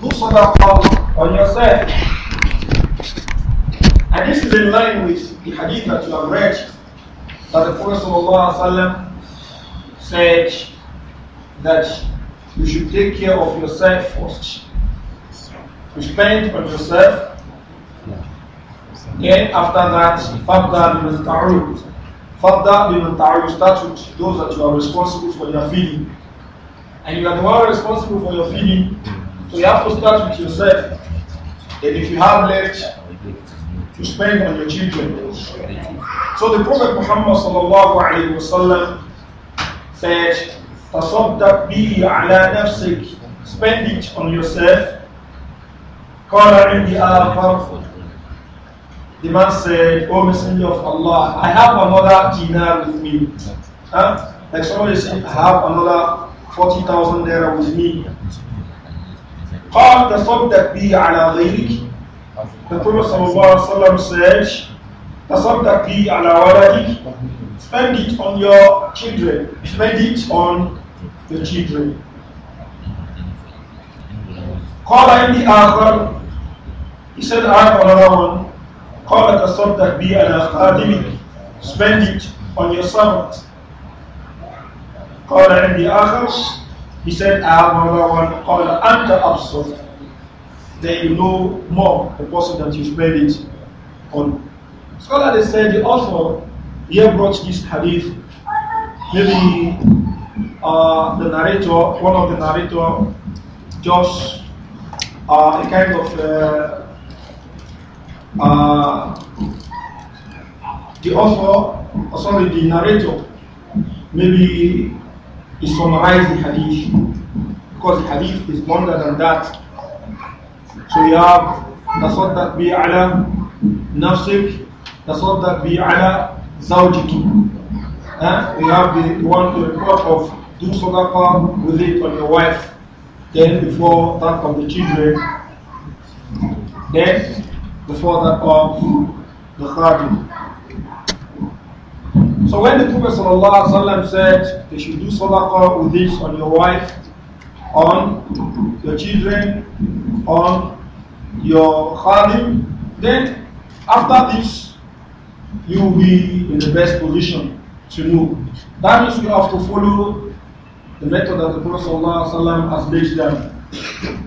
do sadaqah on yourself. And this is in line with the hadith that you have read that the Prophet ﷺ said that you should take care of yourself first. You spend on yourself. Then after that, Fabda biman ta'ud. Fabda biman ta'ud. Start with those that you are responsible for your feeding. And you are the one responsible for your feeding. So you have to start with yourself. And if you have left, to spend on your children. So the Prophet Muhammad sallallahu said, تصدق به spend it on yourself the man said O Messenger of Allah I have another dinar with me huh? like somebody said I have another 40,000 dinar with me قال تصدق بي على غيرك The Prophet ﷺ said, تصدق بي على ولدك Spend it on your children. Spend it on the children. قال عندي آخر He said, I have another one. قال تصدق بي على خادمك Spend it on your servant. قال عندي آخر He said, I have another one called Anta Absor. Then you know more the person that you spread it on. Scholar they said the author here brought this hadith. Maybe uh, the narrator, one of the narrator, just uh, a kind of uh, uh, the author, or oh, sorry, the narrator, maybe to summarize the hadith because hadith is longer than that. So we have تصدق بي على نفسك تصدق بي على زوجك uh, we have the, the one to the report of do sadaqa with it on your wife then before that of the children then before that of the khadim so when the Prophet ﷺ said they should do sadaqah with this on your wife, on your children, on your khadim, then after this you will be in the best position to know. That means you have to follow the method that the Prophet ﷺ has laid down.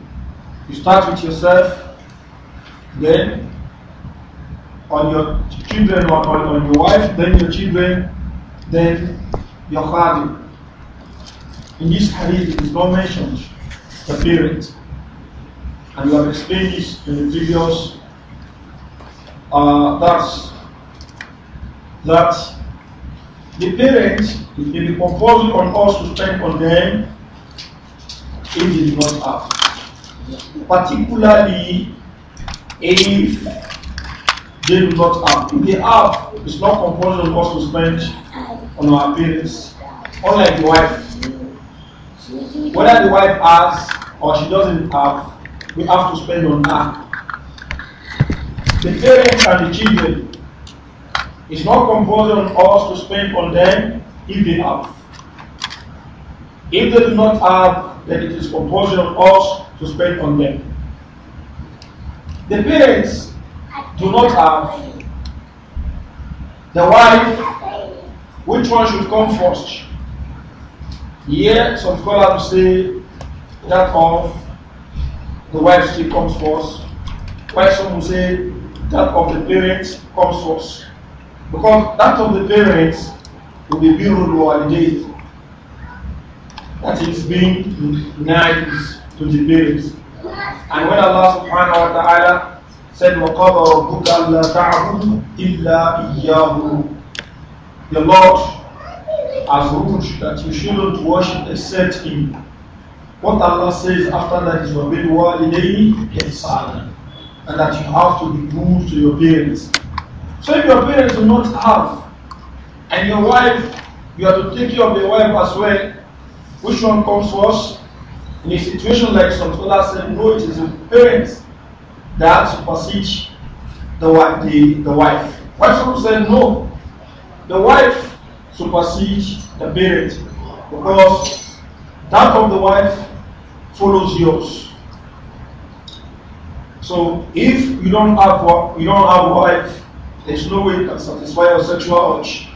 You start with yourself, then on your children or on, on your wife, then your children, then your father. In this hadith, it is not mentioned the parents. And we have explained this in the previous uh, that the parents, it may be compulsory on us to spend on them if they do not have. Particularly if they do not have. If they have, it's not compulsory of us to spend on our appearance. unlike the wife. Whether the wife has or she doesn't have, we have to spend on her. The parents and the children, it's not compulsory on us to spend on them if they have. If they do not have, then it is compulsory on us to spend on them. The parents do not have the wife, which one should come first? Here, some scholars say that of the wife still comes first, while some will say that of the parents comes first. Because that of the parents will be built or day. That is being nice to the parents. And when Allah subhanahu wa ta'ala said, وَقَضَى رَبُّكَ أَلَّا تَعْبُدُ إِلَّا إِيَّاهُ The Lord has ruled that you shouldn't worship except Him. What Allah says after that is وَبِالْوَالِدَيْنِ إِحْسَانًا And that you have to be good to your parents. So if your parents do not have, and your wife, you have to take care of your wife as well, which one comes first? In a situation like some scholars say, no, it is the parents that to the, the, the wife. Why should say no? The wife supersedes the parent because that of the wife follows yours. So if you don't have you don't have a wife, there's no way you can satisfy your sexual urge.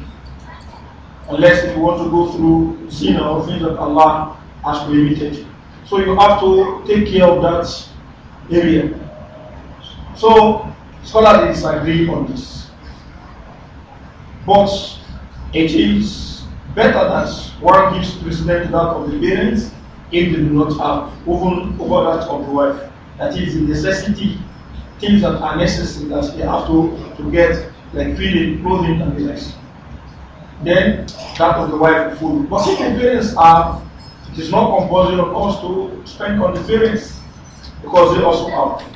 Unless if you want to go through sin or things that Allah has prohibited. So you have to take care of that area. So scholars disagree on this. But it is better that one gives precedence to that of the parents if they do not have, even over that of the wife. That is the necessity, things that are necessary that they have to, to get, like feeding, clothing, and the rest. Then that of the wife food. But if the parents have, it is not compulsory of us to spend on the parents because they also have.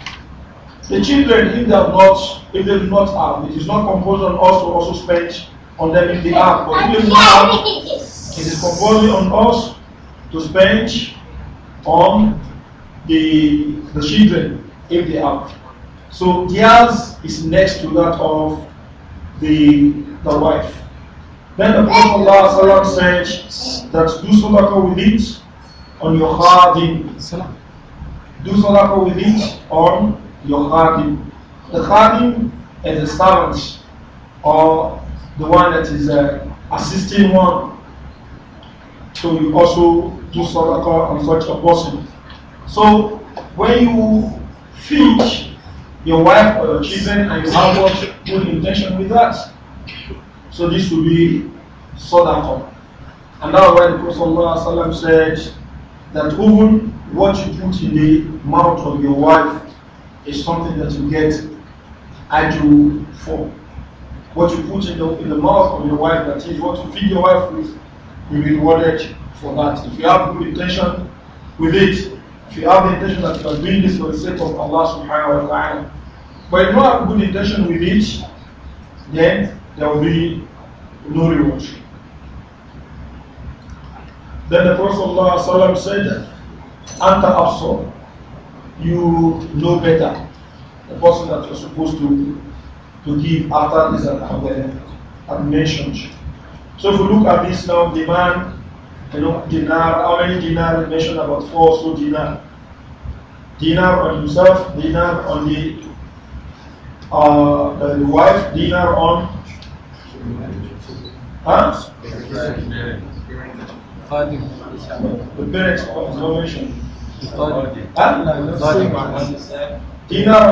The children, if they have not, if they do not have, it is not composed on us to also spend on them if they have. But if they have, it is composed on us to spend on the, the children if they have. So theirs is next to that of the the wife. Then the Prophet Allah said that do sadaqah with it on your heart. Do sadaqah with it on your khadim. The khadim is the servant or the one that is uh, assisting one. So you also do sadaqah on such a person. So when you feed your wife or your children and you have what good intention with that, so this will be sadaqah. And now when the Prophet said that even what you put in the mouth of your wife is something that you get you for. What you put in the, in the mouth of your wife, that is what you feed your wife with, you will be rewarded for that. If you have good intention with it, if you have the intention that you are doing this for the sake of Allah subhanahu wa ta'ala, but if you don't have good intention with it, then there will be no reward. Then the Prophet said, Anta absor, you know better the person that you're supposed to to give after this and mentioned. So if we look at this now, the man, you know, dinar, how many dinar? We mentioned about four, so dinar. Dinar on himself, dinar on the, uh, the wife, dinar on. Huh? The parents of his nomination. Dinner on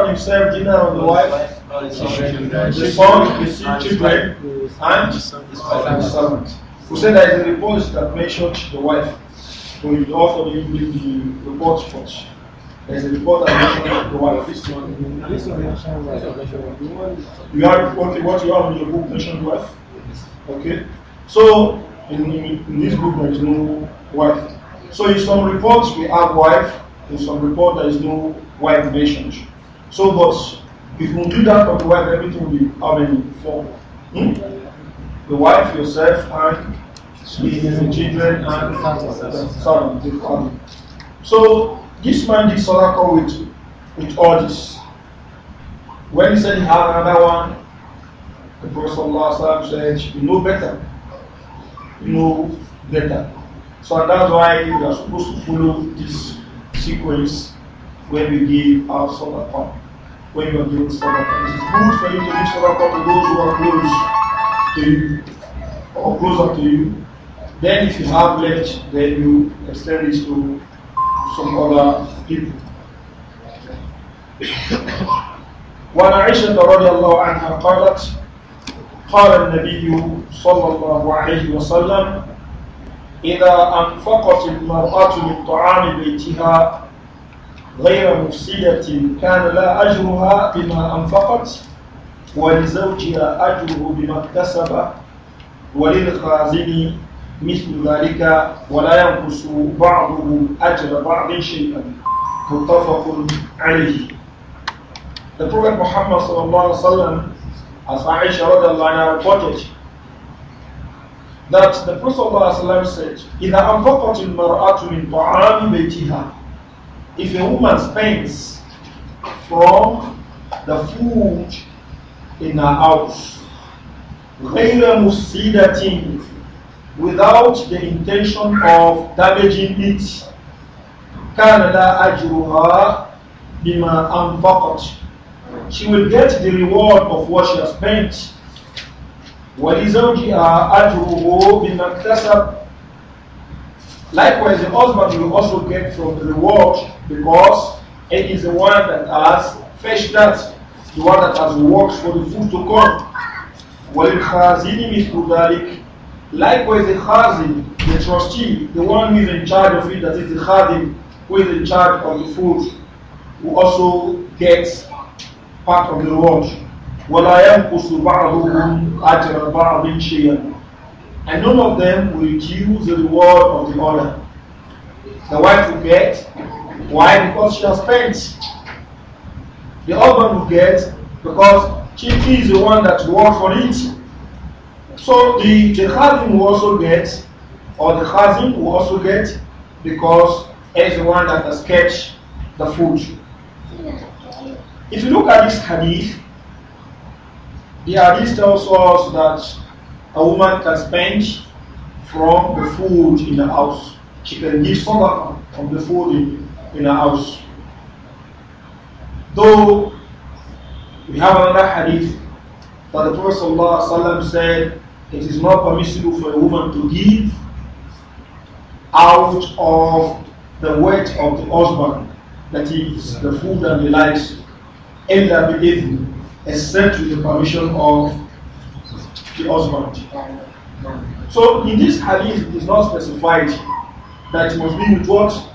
himself, Dinner on the wife, the son, the children, and the servant. Who said there is a report that mentioned the wife. So you also the the report for. There's a report that mentioned the wife. This one. You have okay, what you have in your book mentioned wife? Okay. So in, in this book there is no wife. So in some reports we have wife, in some report there is no wife mentioned. So but if we do that for the wife, everything will be how many? Four. Hmm? The wife, yourself, and the children, and son, the family. So this man did sadaqah with, with all this. When he said he had another one, the Prophet said, You know better. You know better. So that's why you are supposed to follow this sequence when you give out sadaqah. When you are giving sadaqah, it is good for you to give sadaqah to those who are close to you or closer to you. Then, if you have left, then you extend it to some other people. وعن عائشة رضي الله عنها قالت قال النبي صلى الله عليه وسلم إذا أنفقت المرأة من طعام بيتها غير مفسدة كان لا أجرها بما أنفقت ولزوجها أجره بما اكتسب وللخازن مثل ذلك ولا ينقص بعضهم أجر بعض شيئا متفق عليه The Prophet Muhammad الله عليه وسلم as Aisha الله عنها reported that the Prophet said, the أَنْفَقَتِ الْمَرْأَةُ in طَعَامِ Betiha, If a woman spends from the food in her house, without the intention of damaging it, She will get the reward of what she has spent وَلِزَوْجِهَا أَجْرُهُ بِمَا اكْتَسَبَ Likewise, the husband will also get from the reward because he is the one that has fetched that, the one that has worked for the food to come. وَلِلْخَازِنِ مِثْلُ ذَلِكَ Likewise, the khazin, the trustee, the one who is in charge of it, that is the khazin, who is in charge of the food, who also gets part of the reward. وَلَا يَنْقُصُ بَعْضُهُمْ أَجْرَ بَعْضٍ شَيْئًا And none of them will reduce the reward of the other. The wife will get. Why? Because she has spent. The husband will get because she is the one that worked for it. So the, the husband will also get, or the husband will also get because he is the one that has kept the food. If you look at this hadith, the hadith tells us that a woman can spend from the food in the house. She can give from the food in, in house. Though we have another hadith that the Prophet ﷺ said it is not permissible for a woman to give out of the weight of the husband, that is the food and the likes, إلا بإذن except with the permission of the husband. So in this hadith, it is not specified that it must be with what?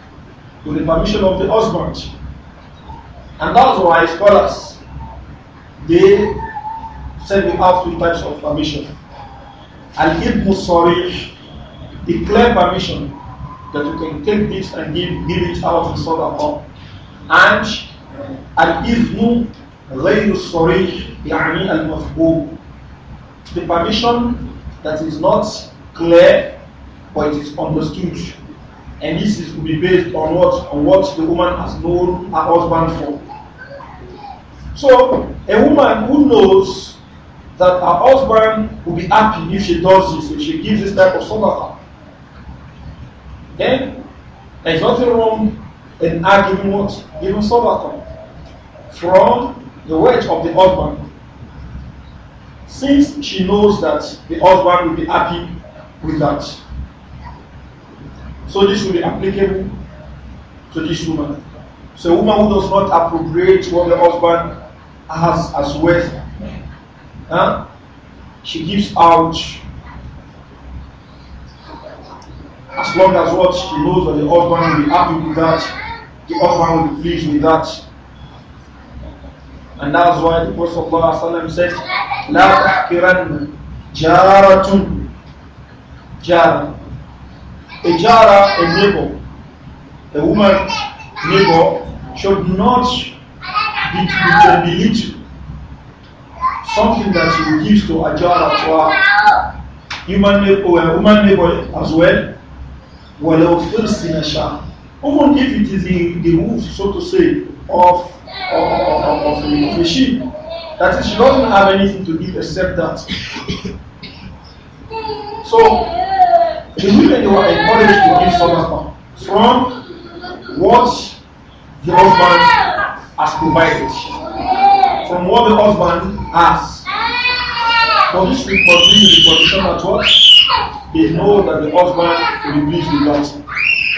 With the permission of the husband. And that's why scholars, they said we have three types of permission. And ibn Sarih, the clear permission that you can take this and give, give it out in Sadaqah. And Al-Ibn غير الصريح يعني المفهوم the permission that is not clear but it is understood and this is to be based on what on what the woman has known her husband for so a woman who knows that her husband will be happy if she does this if she gives this type of sadaqa then there's nothing wrong in arguing what giving sadaqa from the wage of the husband. Since she knows that the husband will be happy with that. So this will be applicable to this woman. So a woman who does not appropriate what the husband has as wealth, huh? she gives out as long as what she knows that the husband will be happy with that, the husband will be pleased with that. And that's why the Prophet ﷺ said, لا تحقرن جارة jara." A jara, a neighbor, a woman neighbor should not be, be, belittle something that she gives to a jara to a human neighbor or a woman neighbor as well. Well, first in a shah. Even if it is in the roof, so to say, of of, of, a, of a sheep. That is, she doesn't have anything to do except that. so, the women were encouraged to give sadaqah from what the husband has provided, from what the husband has. For this will continue the condition at what? They know that the husband will be pleased with that.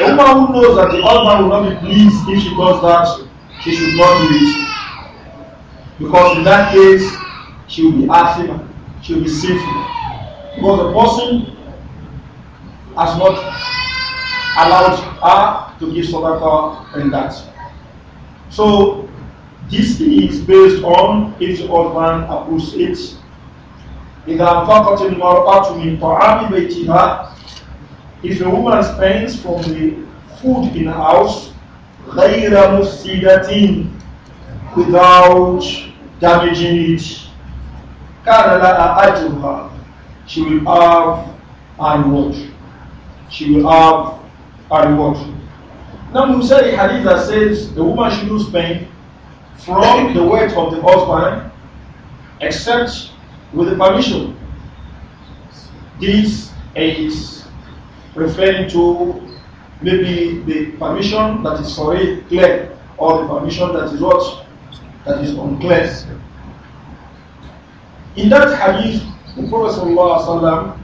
A woman who knows that the husband will not be pleased if she does that she should not do it. Because in that case, she will be asking, she will be sinful. Because the person has not allowed her to give sadaqah in that. So this is based on if the husband approves it. If a woman spends from the food in the house that in without damaging it كان لها أجرها she will have a reward she will have a reward now Musa al that says the woman should lose pain from the weight of the husband except with the permission this is referring to Maybe the permission that is for it clear or the permission that is what? That is unclear. In that hadith, the Prophet ﷺ,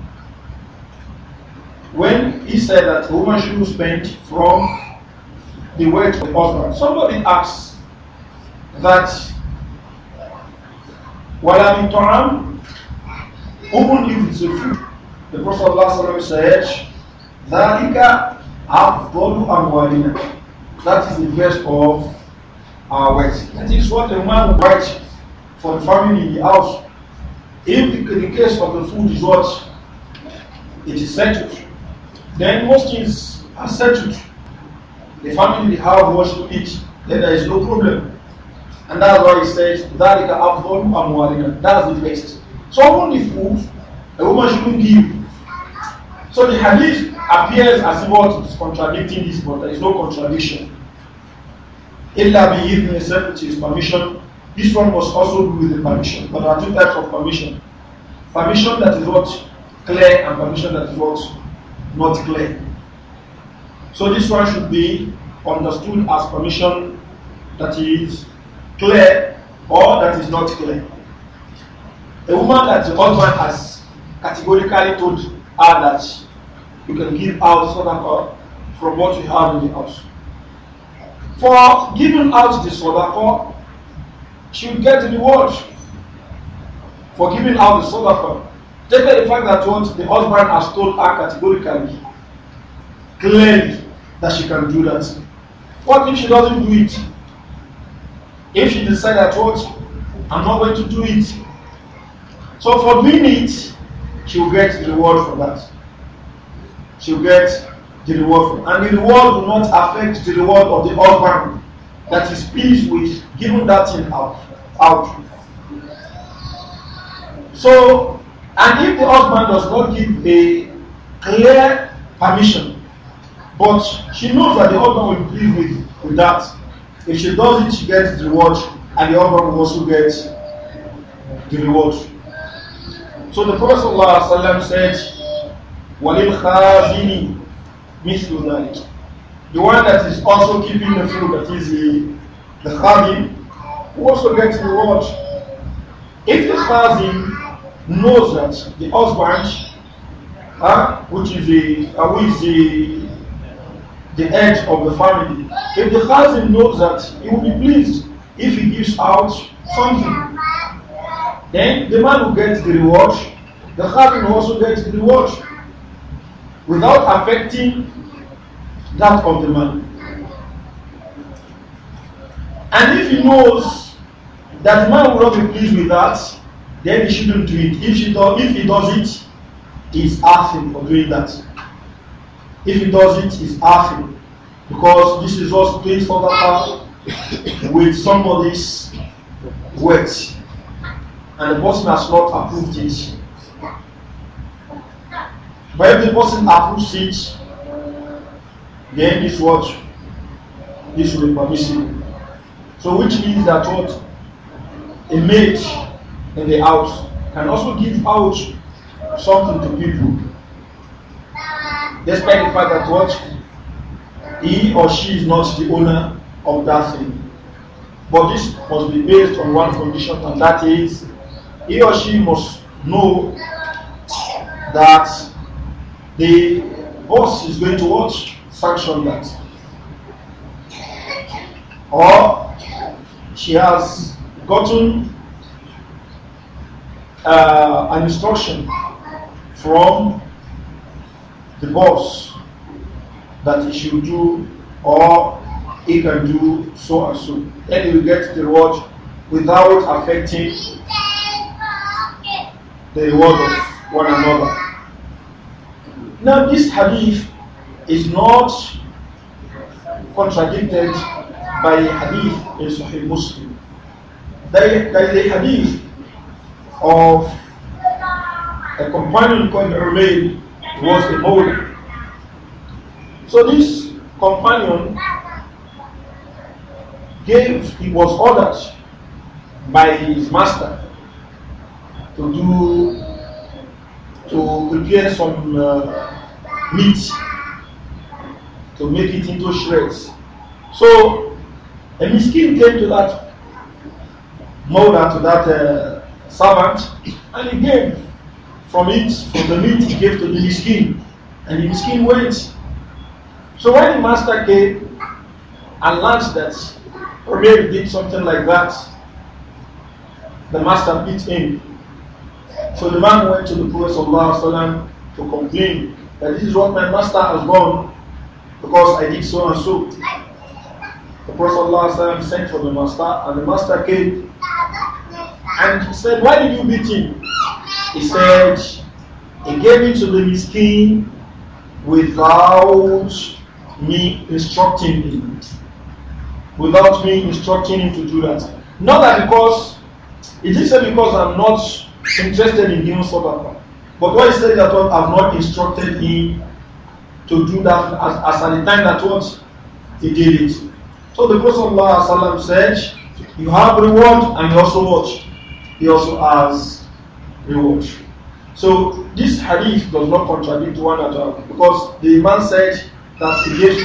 when he said that a woman should spend from the weight of the husband, somebody asks that وَلَا in طَعَامٍ Even if it's a food, the Prophet ﷺ said, ذَلِكَ Abdolu Amwalina. That is the best of uh, our wealth. That is what a man writes for the family in the house. If the, the case of the food is what? It is settled. Then most things are settled. The family have what to eat. Then there is no problem. And that's why he says, that is Abdul that is the best. So only food, a woman shouldn't give. So the hadith appears as what is contradicting this, but there is no contradiction. Illa bi'idhni except with his permission. This one must also be with the permission. But there are two types of permission. Permission that is what? Clear and permission that is what? Not clear. So this one should be understood as permission that is clear or that is not clear. A woman that the husband has categorically told her that you can give out sadaqah uh, from what you have in the house. For giving out the sadaqah, should get the reward for giving out the sadaqah. Take the fact that once the husband has told her categorically, clearly, that she can do that. What if she doesn't do it? If she decides that what I'm not going to do it. So for doing it, she will get the reward for that. she'll get the reward from. And the reward will not affect the reward of the husband that is pleased with giving that thing out. out. So, and if the husband does not give a clear permission, but she knows that the husband will pleased with, with that. If she does it, she gets the reward, and the husband will also get the reward. So the Prophet ﷺ said, وَلِلْخَازِنِ مِثْلُ ذَلِكَ The one that is also keeping the food, that is the, the khazin, also gets the reward. If the khazin knows that the husband, huh, which is the, uh, who is the, the head of the family, if the khazin knows that, he will be pleased if he gives out something. Then the man who gets the reward, the khazin also gets the reward. without affecting that of the man. And if he knows that the man will not be pleased with that, then he shouldn't do it. If he, do, if he does it, he's asking for doing that. If he does it, he's asking. Because this is what's that part with somebody's words. And the person has not approved it. But if person approves it, then this what? This will be permissible. So which means that what? A maid in the house can also give out something to people. Despite the fact that what? He or she is not the owner of that thing. But this must be based on one condition, and that is he or she must know that the boss is going to watch sanction that. Or she has gotten uh, an instruction from the boss that he should do or he can do so and so. Then you get the reward without affecting the reward of one another. Now, this hadith is not contradicted by a hadith in Sahih Muslim. there is a hadith of a companion called Umayr who was a Mawla. So this companion gave, he was ordered by his master to do to prepare some uh, meat to make it into shreds. So a miskin came to that molder, to that uh, servant, and he gave from it, from the meat he gave to the miskin. And the miskin went. So when the master came and launched that, or maybe did something like that, the master beat him so the man went to the Prophet ﷺ to complain that this is what my master has done because I did so and so. The Prophet ﷺ sent for the master and the master came and he said, Why did you beat him? He said, He gave it to the miskin without me instructing him. Without me instructing him to do that. Not that because, it is because I'm not interested in giving sadaqah. But what he said that what have not instructed him to do that as, as at the time that what he did it. So the Prophet said, You have reward and you also watch. He also has reward. So this hadith does not contradict one another because the man said that he gave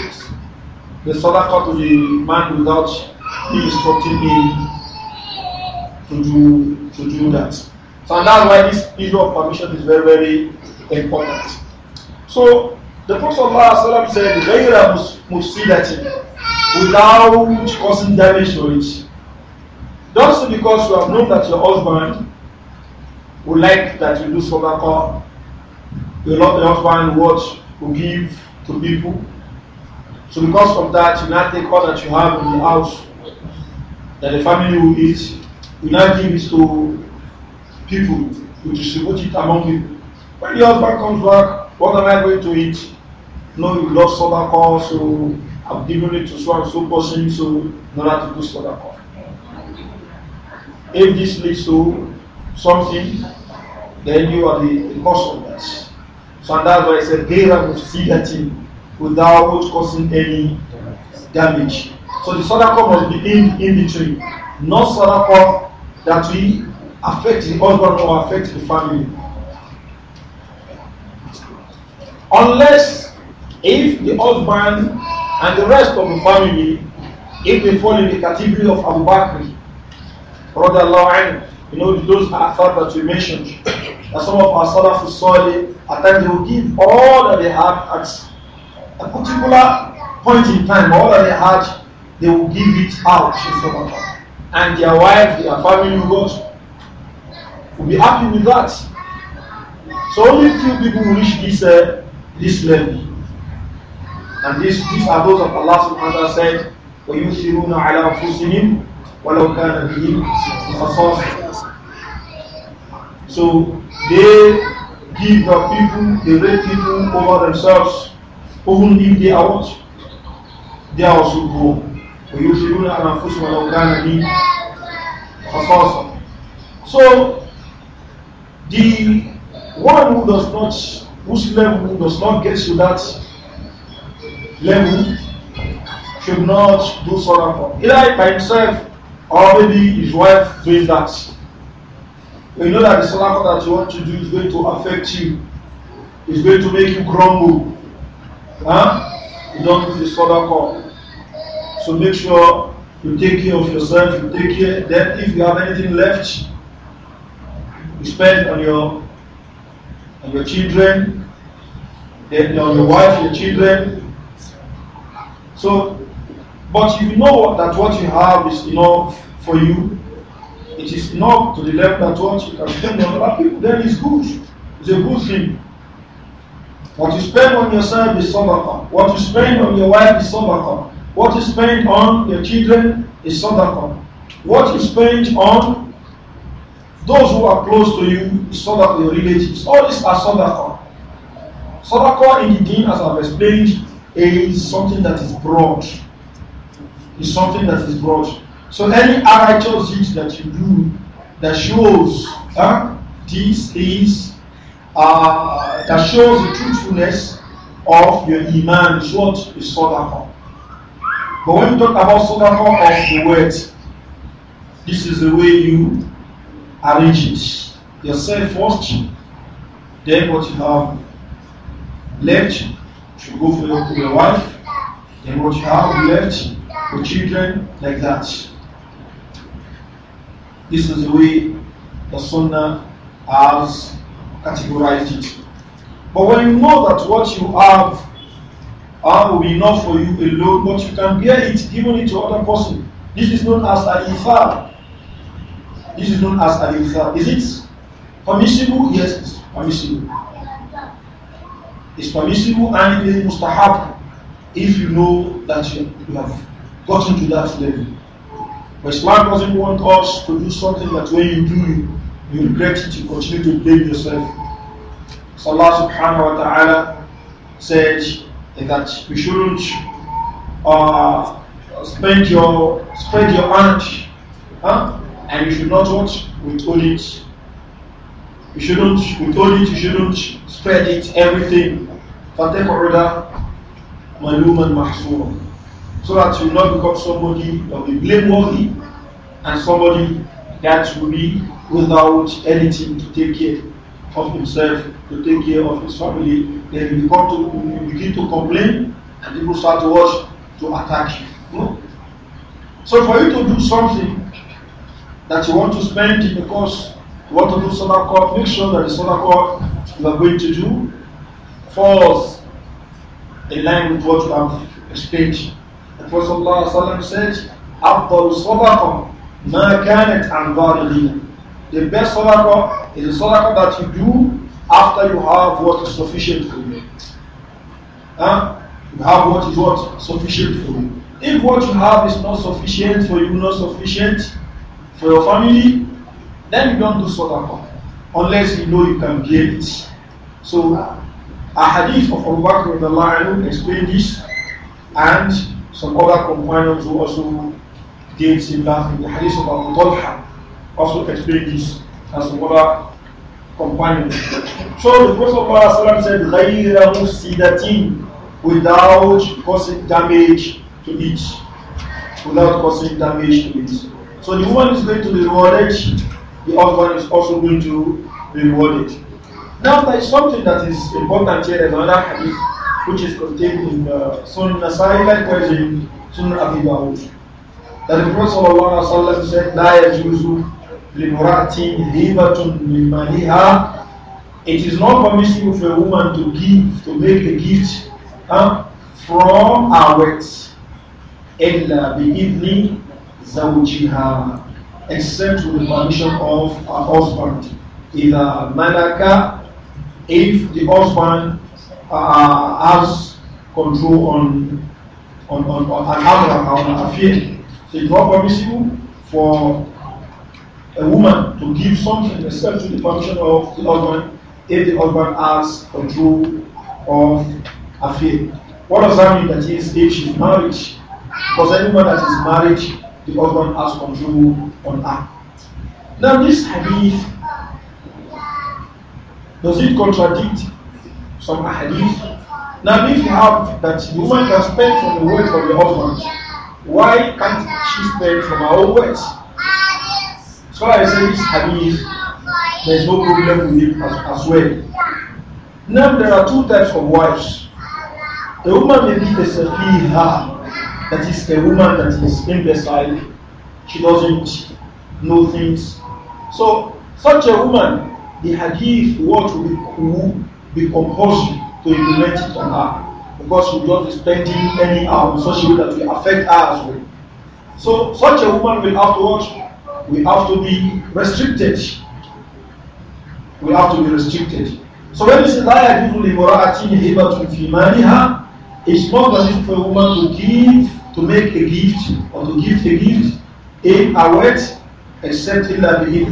the sadaqah to the man without instructing him to do to do that. So and that's why this issue of permission is very, very important. So the Prophet ﷺ said, Ghayra that, without causing damage to it. Just because you have known that your husband would like that you do sadaqah, you love your husband what you give to people. So because of that, you now take all that you have in the house that the family will eat, you now give it to people who distribute it among you. When your husband comes back, what am I going to eat? No, you lost sodaka, so I've given it to so and so person, so in order to do sodaka. If this leads to something, then you are the, the cause of that. So and that's why I said, Gera to see that thing without causing any damage. So the sodaka must be in, in between, not sodaka that we affect the husband or affect the family. Unless if the husband and the rest of the family, if they fall in the category of Abu Bakr, brother, Allah, you know, those are thought that we mentioned, that some of our Salafus Salih, at times they will give all that they have at a particular point in time, all that they had, they will give it out. And their wife, their family will go will be happy with that. So only few people will reach this uh, this level. And this, these are those of Allah subhanahu wa ta'ala said, وَيُثِرُونَ عَلَىٰ أَنفُسِهِمْ وَلَوْ كَانَ بِهِمْ خَصَاصَةٌ So they give the people, they rate people over themselves, even if they are what? They are also grown. وَيُثِرُونَ عَلَىٰ أَنفُسِهِمْ وَلَوْ كَانَ بِهِمْ خَصَاصَةٌ So The one who does not, whose level does not get to that level, should not do salah either by himself or maybe his wife doing that. you know that the salah that you want to do is going to affect you, it's going to make you grumble. Huh? You don't do this salah call. So make sure you take care of yourself, you take care. Then if you have anything left, you spend on your on your children, then on your wife, your children. So, but you know that what you have is enough for you. It is enough to the level that what you can spend on other people. Then it's good. It's a good thing. What you spend on yourself is sadaqah. What you spend on your wife is sadaqah. What you spend on your children is sadaqah. What you spend on those who are close to you, sadaqah, your relatives, all these are sadaqah. Sadaqah in the deen, as I've explained, is something that is broad. Is something that is broad. So any righteous deeds that you do that shows huh, this is uh, that shows the truthfulness of your iman is what is sadaqah. But when you talk about sadaqah of the word, this is the way you arrange it yourself first, then what you have left to go for your, your wife, then what you have left for children, like that. This is the way the Sunnah has categorized it. But when you know that what you have uh, will be enough for you alone, but you can bear it, giving it to other person, this is known as a ifa. This is known as al Is it permissible? Yes, it's permissible. It's permissible and it is mustahab if you know that you, have gotten to that level. But Islam doesn't want us to do something that when you do, you regret it, you continue to blame yourself. So Allah subhanahu wa ta'ala said that you shouldn't uh, spend your, spread your energy, huh? and you should not what withhold it. You shouldn't withhold it, you shouldn't spread it, everything. Fatek order malum and mahsur. So that you not become somebody that will be blameworthy and somebody that will be without anything to take care of himself, to take care of his family. Then you, to, you begin to complain and people start to watch to attack you. No? Hmm? So for you to do something that you want to spend course, you want to do sadaqah, make sure that the sadaqah you are going to do falls in line with what you have explained. The Prophet ﷺ said, أفضل صدقة ما and عن The best sadaqah is the sadaqah that you do after you have what is sufficient for you. Huh? You have what is what sufficient for you. If what you have is not sufficient for you, not sufficient for your family, then you don't do sadaqah unless you know you can give it. So, a hadith of Abu Bakr explained this, and some other companions who also did similar thing. The hadith of Abu Talha also explained this, and some other companions. So, the Prophet said, غَيْرَ مُفْسِدَةٍ without causing damage to it. Without causing damage to it. So the woman is going to be rewarded, the husband is also going to be rewarded. Now there is something that is important here, there's another hadith which is contained in uh, Sunan Nasai likewise in Sunan Abi Dawud. That the Prophet said, La yajuzu limuratin hibatun mimaniha. It is not permissible for a woman to give, to make a gift huh, from her wealth. إلا بإذن that which you have except with the permission of a husband. Either Malaka, if the husband uh, has control on on, on, on an on affair. So it's not permissible for a woman to give something except to the permission of the husband if the husband has control of affair. What does that mean? That is, if she's married, because anyone that is married the husband has control on her. Now, this hadith does it contradict some hadith? Now, if you have that the woman can spend from the wealth of the husband, why can't she spend from her own wealth? So I say this hadith, there is no problem with it as, as well. Now, there are two types of wives. A woman may be a safiha, That is, a woman that is imbecile, she doesn't know things. So, such a woman, the hadith, what will be, be compulsory to implement it on her because she will not be spending any hour in such a way that will affect her as well. So such a woman will have to watch. will have to be restricted. We have to be restricted. So when this is لا يجوز to هبة في her. It's more possible for a woman to give, to make a gift, or to give a gift in a wet, except in that the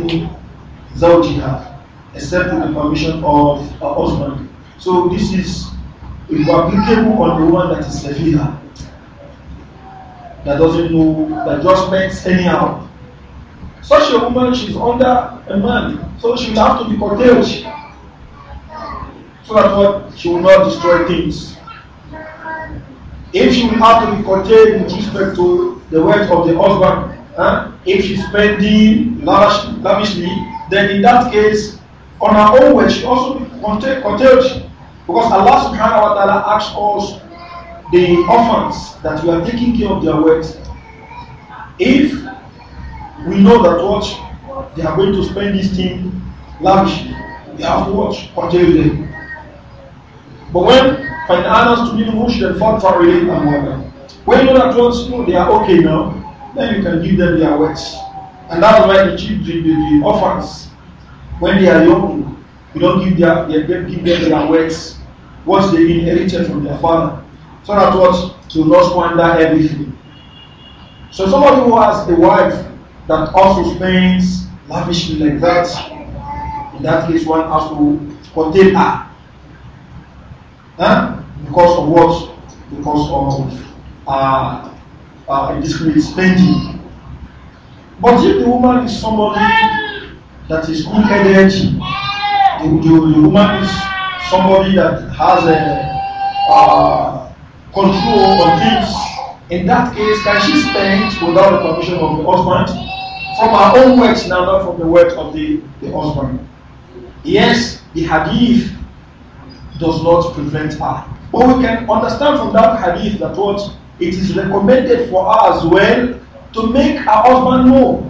zawjiha, except with the permission of her husband. So this is applicable on the one that is severe, that doesn't know, that just makes anyhow. Such a woman, she's under a man, so she will have to be curtailed so that she will not destroy things. If you have to be contained with respect to the wealth of the husband, huh? if she's spending lavish, lavishly, then in that case, on her own way, she also be contained. contained. Because Allah subhanahu wa ta'ala asks us the orphans that we are taking care of their wealth. If we know that what they are going to spend this thing lavishly, we have to watch, contain them. But when فإن آنست منهم رشدا فادفع إليهم أموالهم. When you know that once you know they are okay now, then you can give them their words. And that's why the children, the, the orphans, when they are young, you don't give their, they don't give them their words, what they inherited from their father, so that what to not squander everything. So somebody who has a wife that also spends lavishly like that, in that case, one has to contain her Huh? Because of what? Because of uh, uh, spending. But if the woman is somebody that is good headed, the, the, the, woman is somebody that has a uh, control on things, in that case, can she spend without the permission of the husband? From her own wealth now, not from the wealth of the, the husband. Yes, the hadith does not prevent her. But we can understand from that hadith that what it is recommended for her as well to make her husband know.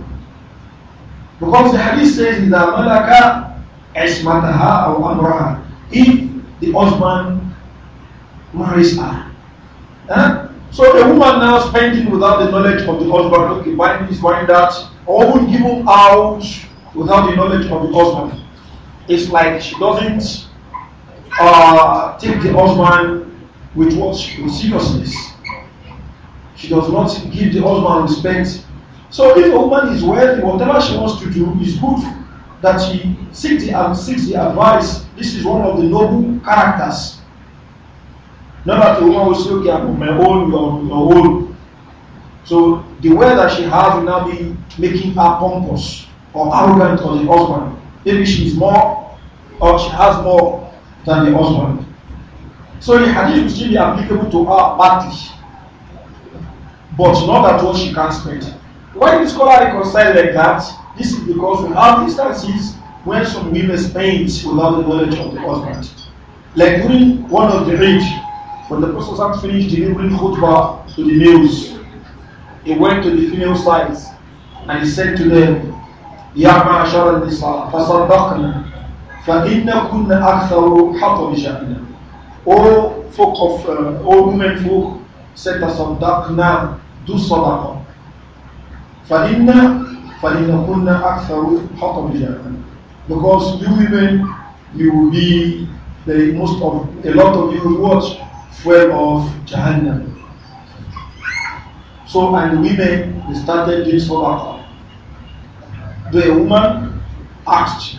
Because the hadith says, إِذَا مَلَكَ عِسْمَتَهَا أَوْ أَمْرَهَا If the husband marries her. Huh? So a woman now spending without the knowledge of the husband, okay, buying this, buying that, or would give him out without the knowledge of the husband. It's like she doesn't uh, take the husband with what? With seriousness. She does not give the husband respect. So if a woman is wealthy, whatever she wants to do is good that she seeks the, um, seeks the advice. This is one of the noble characters. Not that the woman will say, okay, I'm on my own, you're on your own. So the way that she has will now be making her pompous or arrogant on the husband. Maybe she is more, or she has more than the husband. So the hadith will still be applicable to her party, but not at all she can't spend. Why the scholar reconcile like that? This is because we have instances when some women spend without the knowledge of the husband. Like during one of the raids, when the had finished delivering khutbah to the males, he went to the female sides and he said to them, Ya ma'ashara nisa, fasaddaqna فإنكن أكثر حطب شأنه أو فوق أو من فوق ستصدقنا ذو الصدقة فإن فإنكن أكثر حطب شأنه because you women you will be the most of a lot of you watch fuel of Jahannam so and women they started doing sadaqa the woman asked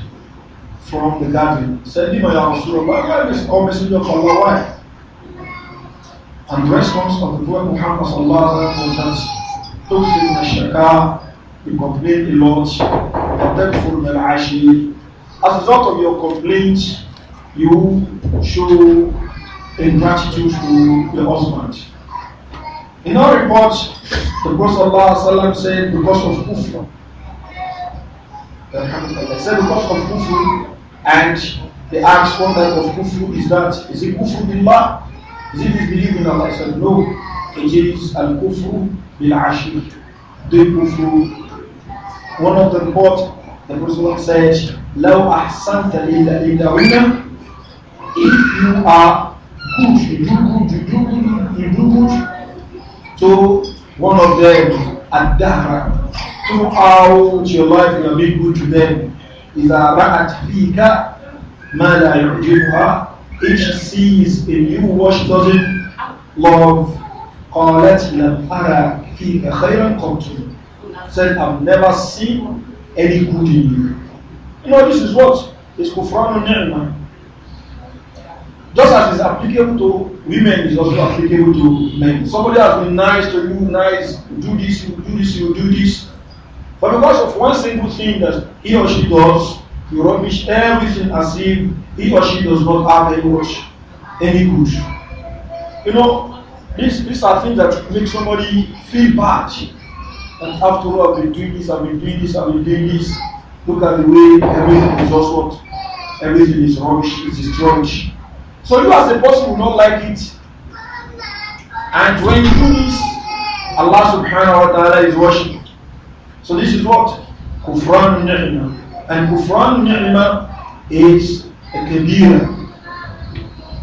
from the garden. said, Dima Ya Rasulullah, this O Messenger of Allah, why? And the response of the Prophet Muhammad was that Tukfir Nashaka, you complain a lot, Tatfur Nalashi. As a result of your complaint, you show ingratitude to the husband. In our report, the Prophet said, because of kufr, said because of kufr, and they asked, what type of kufu is that? Is it kufu billah? Is it disbelief in Allah? I said, no. It is al kufu bil ashir. The kufu. One of the report, the Prophet said, لو أحسنت لله if you are good, you do good, you do good, you do good to one of them at Dahra. Throughout your life, you are being good to them. إذا رأت فيك ما لا يعجبها if she sees a new what she doesn't love قالت لم أرى فيك خيرا قط said I've never seen any good in you you know this is what is kufran ni'ma just as is applicable to women is also applicable to men somebody has been nice to you nice do this you do this you do this But because of one single thing that he or she does, you rubbish everything as if he or she does not have any any good. You know, these, these are things that make somebody feel bad. And after all, I've been doing this, I've been doing this, I've been doing this. Look at the way everything is just what? Everything is rubbish, it is rubbish. So you as a person will not like it. And when you do this, Allah subhanahu wa ta'ala is watching. So this is what? Kufran ni'ma. And kufran ni'ma is a kabira.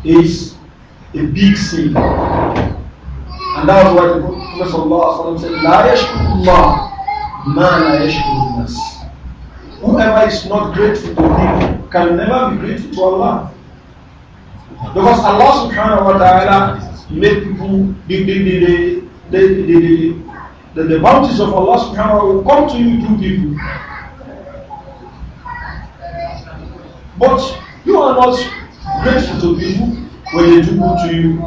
a big sin. And that's why the Prophet said, La yashkurullah ma la yashkurunnas. Whoever is not grateful to him can never be grateful to Allah. Because Allah subhanahu wa ta'ala made people, they, they, they, they, they, they, that the bounties of Allah subhanahu wa ta'ala will come to you through people. But you are not grateful to people when they do good to you.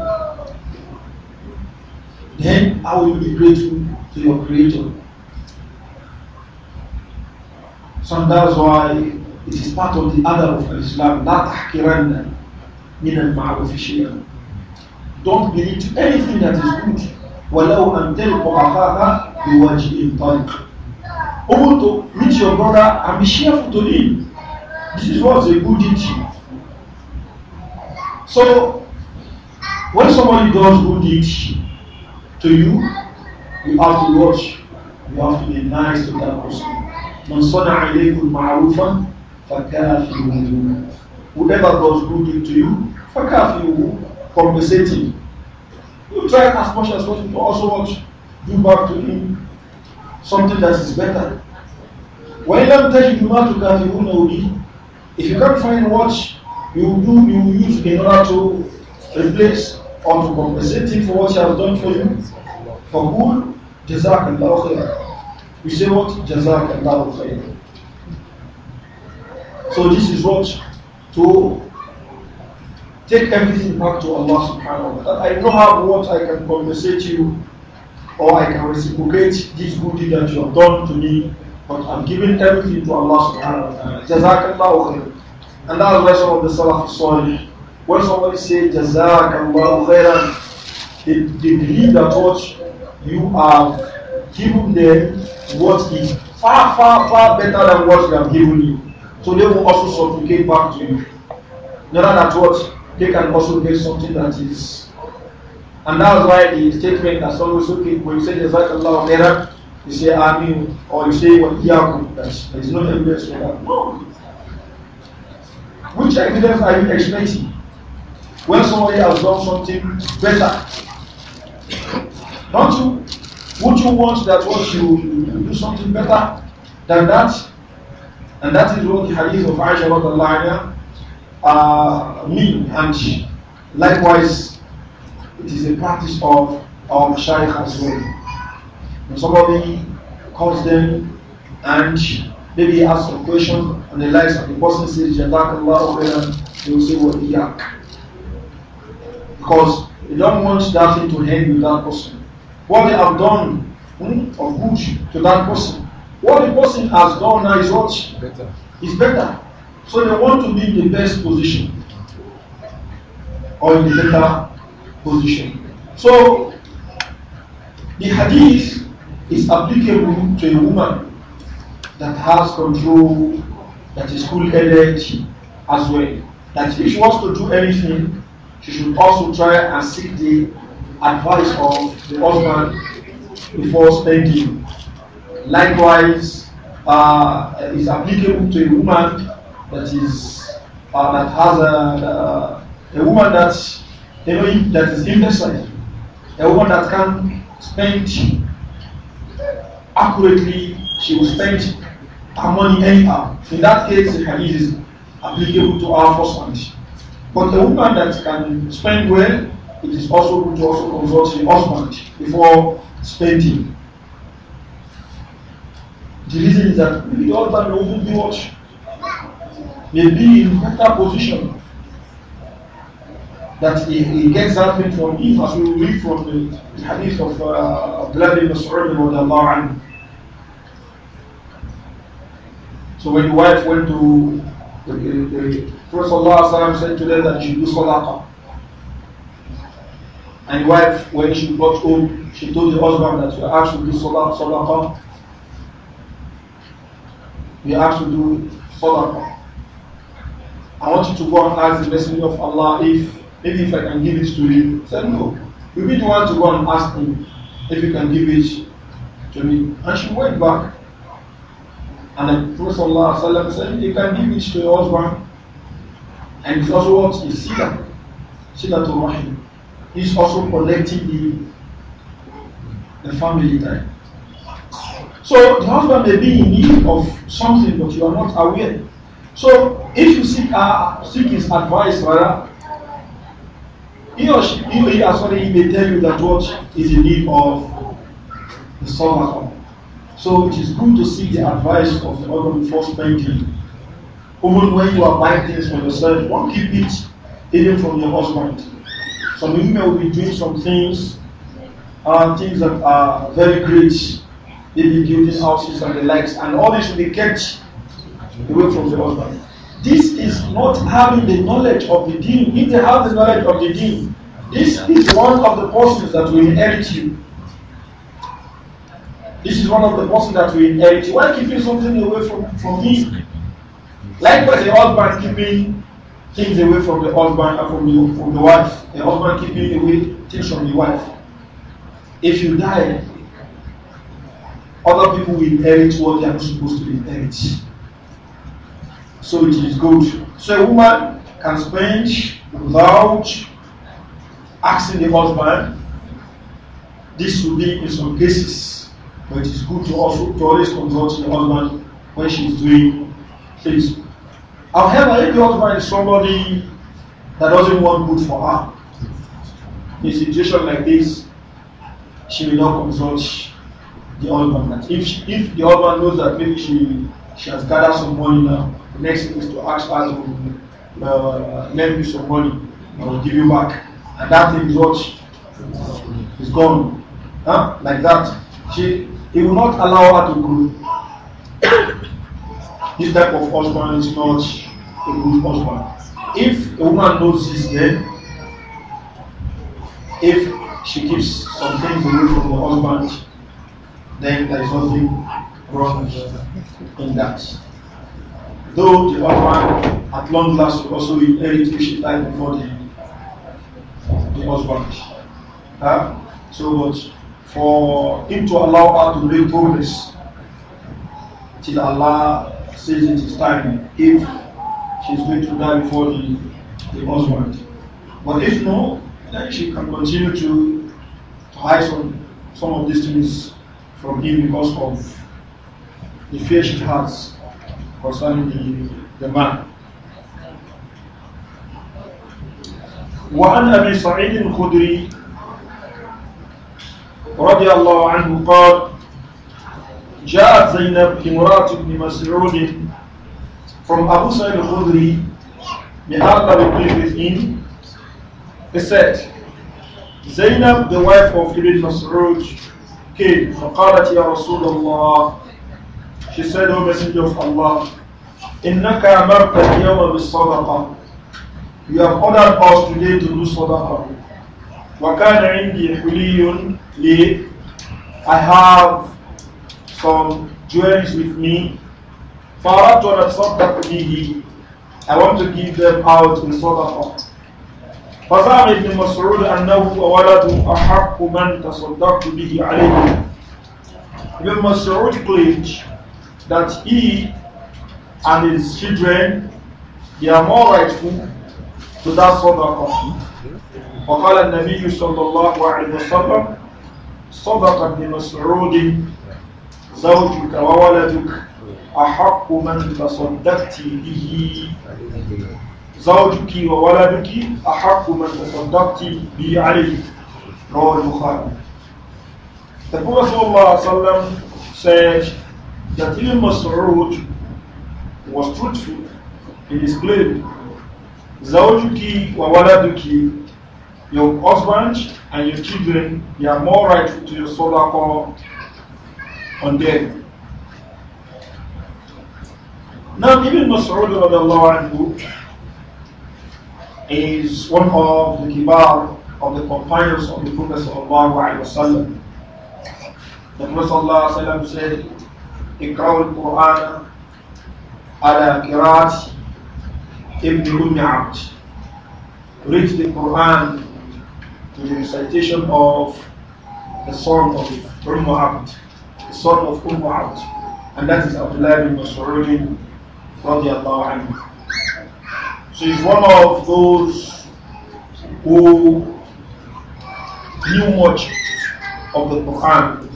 Then how will you be grateful to your Creator? So that's why it is part of the other of Islam. لا تحقرن من المعروف شيئا. Don't believe anything that is good ولو أن تلقوا أخاك بوجه طلق I want to meet your brother and be cheerful to him. This is what's a good deed. So, when somebody does good deeds to you, you have to watch. You have to be nice to that person. من صنع إليكم معروفا فكافئوه. Whoever does good deed to you, فكافئوه. Compensate him. You try as much as possible to also what do back to him something that is better. When you take you not to that, you will know If you can't find what you do, you use in order to replace or to compensate him for what he has done for you. For who? Jazak Allah We say what? Jazak Allah So this is what to take everything back to Allah subhanahu wa ta'ala. I know how what I can compensate you or I can reciprocate this good deed that you have done to me, but I'm giving everything to Allah subhanahu wa ta'ala. Jazakallahu khairan. And that's why some of the Salaf Salih, when somebody says Jazakallahu khairan, they, they believe that what you have given them what is far, far, far better than what they have given you. So they will also supplicate back to you. Not that what they can also get something that is. And that's why the statement that someone is okay, when you say Jazakallah khairan, you say Amin, or you say what Yakum, there is no evidence for that. No. Which evidence are you expecting? When somebody has done something better, don't you? Would you want that what you, you do something better than that? And that is what the hadith of Aisha uh, mean and likewise it is a practice of our Mashaykh as well. When somebody calls them and maybe ask some question and the likes and the person says Jazakallah khairan, they will say what well, Because they don't want that thing to end with that person. What they have done hmm, of good to that person. What the person has done now is what? Better. Is better. So they want to be in the best position or in the better position. So the hadith is applicable to a woman that has control, that is cool-headed as well. That if she wants to do anything, she should also try and seek the advice of the husband before spending. Likewise, uh, is applicable to a woman that is uh, that has a, a, a woman that you know that is indecent, a woman that can spend accurately, she will spend her money anyhow. In that case, the hadith is applicable to our husband. But a woman that can spend well, it is also good to also consult the husband before spending. The reason is that the husband will be watched may be in better position that he, he gets that thing from if as we read from the, the hadith of uh, Abdullah ibn Mas'ud So when the wife went to the, the, the said to them that she do salaqah. And the wife, when she got home, she told the husband that we asked to do salaqah. We asked to do salaqah. I want you to go and ask the messenger of Allah if maybe if I can give it to you. He said, No. You be the one to go and ask him if you can give it to me. And she went back. And the Prophet Allah said, You can give it to your husband. And it's also what is Sila. Sila to Rahim. He's also collecting the, the family time. So the husband may be in need of something, but you are not aware. So If you seek, uh, seek his advice, rather, he or she, he, he, sorry, he may tell you that what is in need of the sadaqah. So it is good to seek the advice of the other before spending. Even when you are buying things for yourself, don't keep it hidden from your husband. Some women will be doing some things, uh, things that are very great. They give building houses and the likes, and all this will be kept away from the husband. This is not having the knowledge of the deen. If they have the knowledge of the deen, this is one of the persons that will inherit you. This is one of the persons that will inherit you. Why keeping something away from, from me? Likewise, the husband keeping things away from the husband and uh, from the, from the wife. The husband keeping away things from the wife. If you die, other people will inherit what they are supposed to inherit. So it is good. So a woman can spend without asking the husband. This will be in some cases, but it is good to also to always consult the husband when she is doing things. However, if the husband is somebody that doesn't want good for her, in a situation like this, she will not consult the husband. If, she, if the husband knows that maybe she, she has gathered some money now, Next is to ask us to uh, lend you some money. I will give you back. And that thing is what is gone. Huh? Like that. She, he will not allow her to grow. this type of husband is not a good husband. If a woman knows this, then if she keeps some things away from her husband, then there is nothing wrong in that. Though the other one at long last will also inherit if she died before the, the husband. Huh? So, but for him to allow her to make progress till Allah says it is time, if she's going to die before the, the husband. But if no, then she can continue to, to hide some, some of these things from him because of the fear she has وصلي جماعة وعن أبي سعيد الخدري رضي الله عنه قال جاءت زينب امرأة بن مسعود from أبو سعيد الخدري may Allah be pleased he said زينب the wife of Ibn Mas'ud came فقالت يا رسول الله She said, O Messenger of Allah, Innaka amarta al-yawma bis-sadaqa. You have ordered us today to do sadaqa. Wa kana 'indi huliyun li I have some jewels with me. Faratu an asaddaq bihi. I want to give them out in sadaqa. فزعم ابن مسعود أنه ولد أحق من تصدقت bihi عليه. Ibn Mas'ud claimed that he and his children they are more rightful to that صدقة وقال النبي صلى الله عليه وسلم صدق ابن مسعود زوجك وولدك أحق من تصدقت به زوجك وولدك أحق من تصدقت به عليه رواه البخاري The Prophet said that even Ibn Mas'ud was truthful in his claim. Zawjuki wa waladuki, your husband and your children, they are more rightful to your sadaqah on them. Now even Ibn Mas'ud is one of the kibar of the companions of the Prophet Sallallahu Alaihi Wasallam. The Prophet Sallallahu Alaihi Wasallam said, اقرأوا القرآن على قراءة ابن أم عبد read the Quran to the recitation of the son of Umm Abd, the son of Umm Abd, and that is Abdullah bin Mas'ud radiallahu anhu. So he's one of those who knew much of the Quran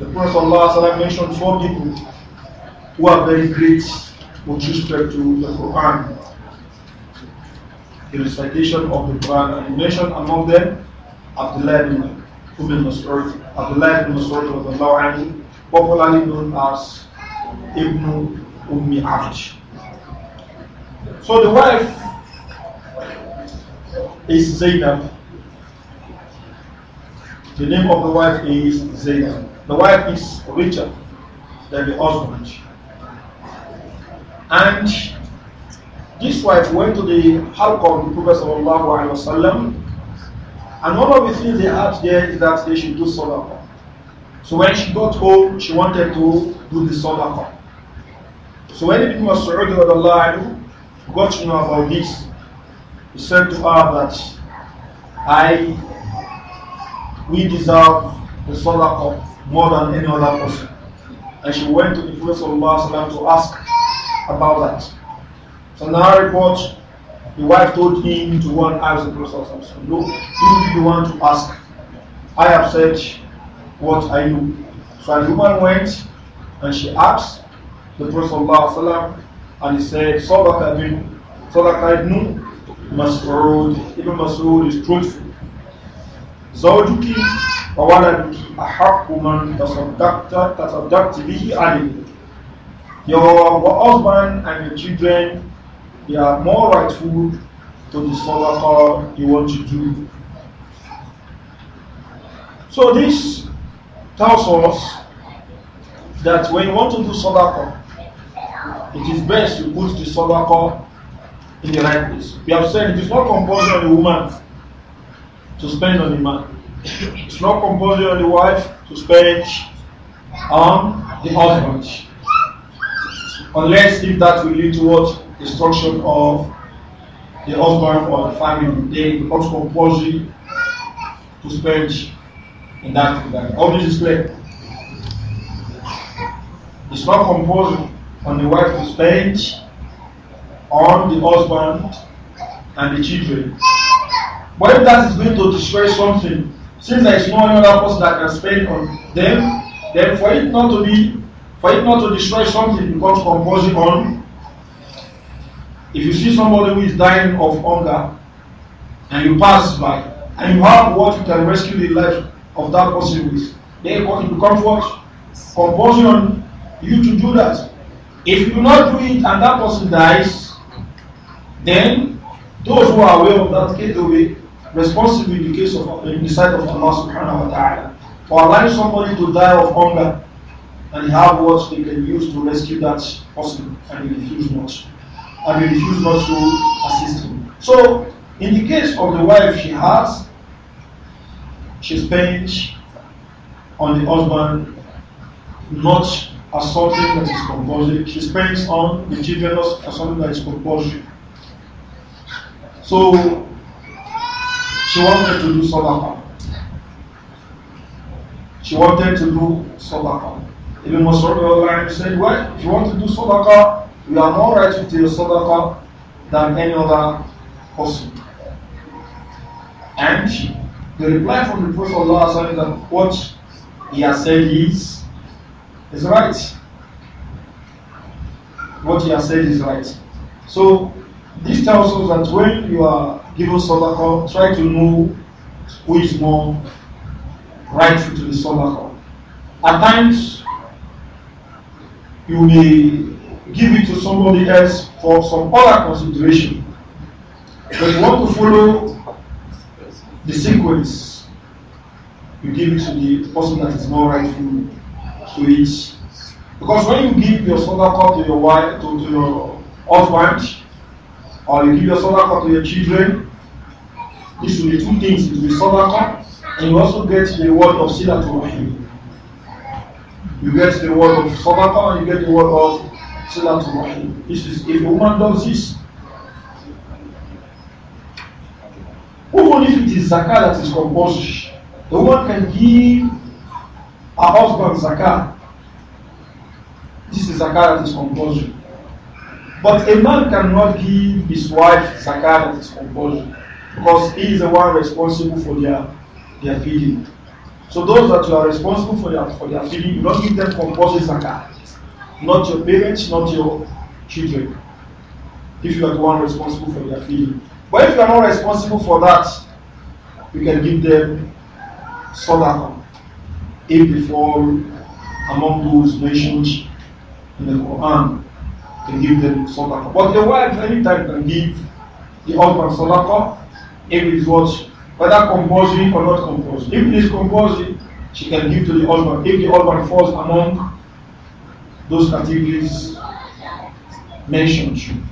the Prophet ﷺ mentioned four people who are very great with respect to the Quran, the recitation of the Quran. And he mentioned among them Abdullah ibn Umm Mas'ud, Abdullah ibn Mas'ud, popularly known as Ibn Ummi Abd. So the wife is Zainab. The name of the wife is Zainab the wife is richer than the husband. And this wife went to the halqa of the Prophet wasallam, and one of the things they asked there is that they should do sadaqah. So when she got home, she wanted to do the sadaqah. So when Ibn Mas'ud got to know about this, he said to her that I, we deserve the sadaqah more than any other person. And she went to the Prophet ﷺ to ask about that. So now report, the wife told him to go and ask the Prophet ﷺ. No, you be the one to ask. I have said, what are you? So the woman went and she asked the Prophet ﷺ and he said, Sadaqah ibn Mas'ud. Ibn Mas'ud is truthful. Zawjuki, زوجك وولدك أحق من تصدقت تصدقت به عليه your husband and your children they are more rightful to the sadaqah you want to do so this tells us that when you want to do sadaqah it is best you put the sadaqah in the right place we have said it is not compulsory on a woman to spend on the man. It's not compulsory on the wife to spend on the husband. Unless if that will lead towards destruction of the husband or the family, then it becomes compulsory to spend in that regard. All this is clear. It's not compulsory on the wife to spend on the husband and the children. But if that is going to destroy something, since there is no other person that can spend on them, then for it not to be, for it not to destroy something becomes compulsion If you see somebody who is dying of hunger, and you pass by, and you have what you can rescue the life of that person with, then it becomes what compulsion on you to do that. If you do not do it and that person dies, then those who are aware of that get away responsible in the case of in the sight of Allah subhanahu wa ta'ala. For allowing somebody to die of hunger and have what they can use to rescue that person and they refused not. And they refuse not to assist him. So in the case of the wife she has, she's spends on the husband not as something that is compulsory. She spends on the children as something that is compulsory. So she wanted to do sadaqah. She wanted to do sadaqah. Ibn Masrud said, well, if you want to do sadaqah, you are more right to do sadaqah than any other person. And the reply from the Prophet Allah is that what he has said is, is right. What he has said is right. So this tells us that when you are giving sadaqah, try to know who is more rightful to the sadaqah. At times, you may give it to somebody else for some other consideration. But you want to follow the sequence, you give it to the person that is more rightful to it. Because when you give your sadaqah to your wife, to, to your husband, or you give your sadaqah to your children, this will be two things. It will be sadaqah and you also get the word of silatul rahim. You get the word of sadaqah and you get the word of silatul rahim. This is if a woman does this, even if it is zakah that is compulsory, the woman can give her husband zakah. This is zakah that is compulsory. But a man cannot give his wife zakat as compulsion because he is the one responsible for their their feeding. So those that you are responsible for their for their feeding, you don't give them compulsory zakat. Not your parents, not your children. If you are the one responsible for their feeding. But if you are not responsible for that, you can give them sadaqah if they fall among those mentioned in the Quran to give them sadaqah. But the wife anytime can give the husband sadaqah if it is what, whether compulsory or not compulsory. If it is compulsory, she can give to the husband. If the husband falls among those categories mentioned.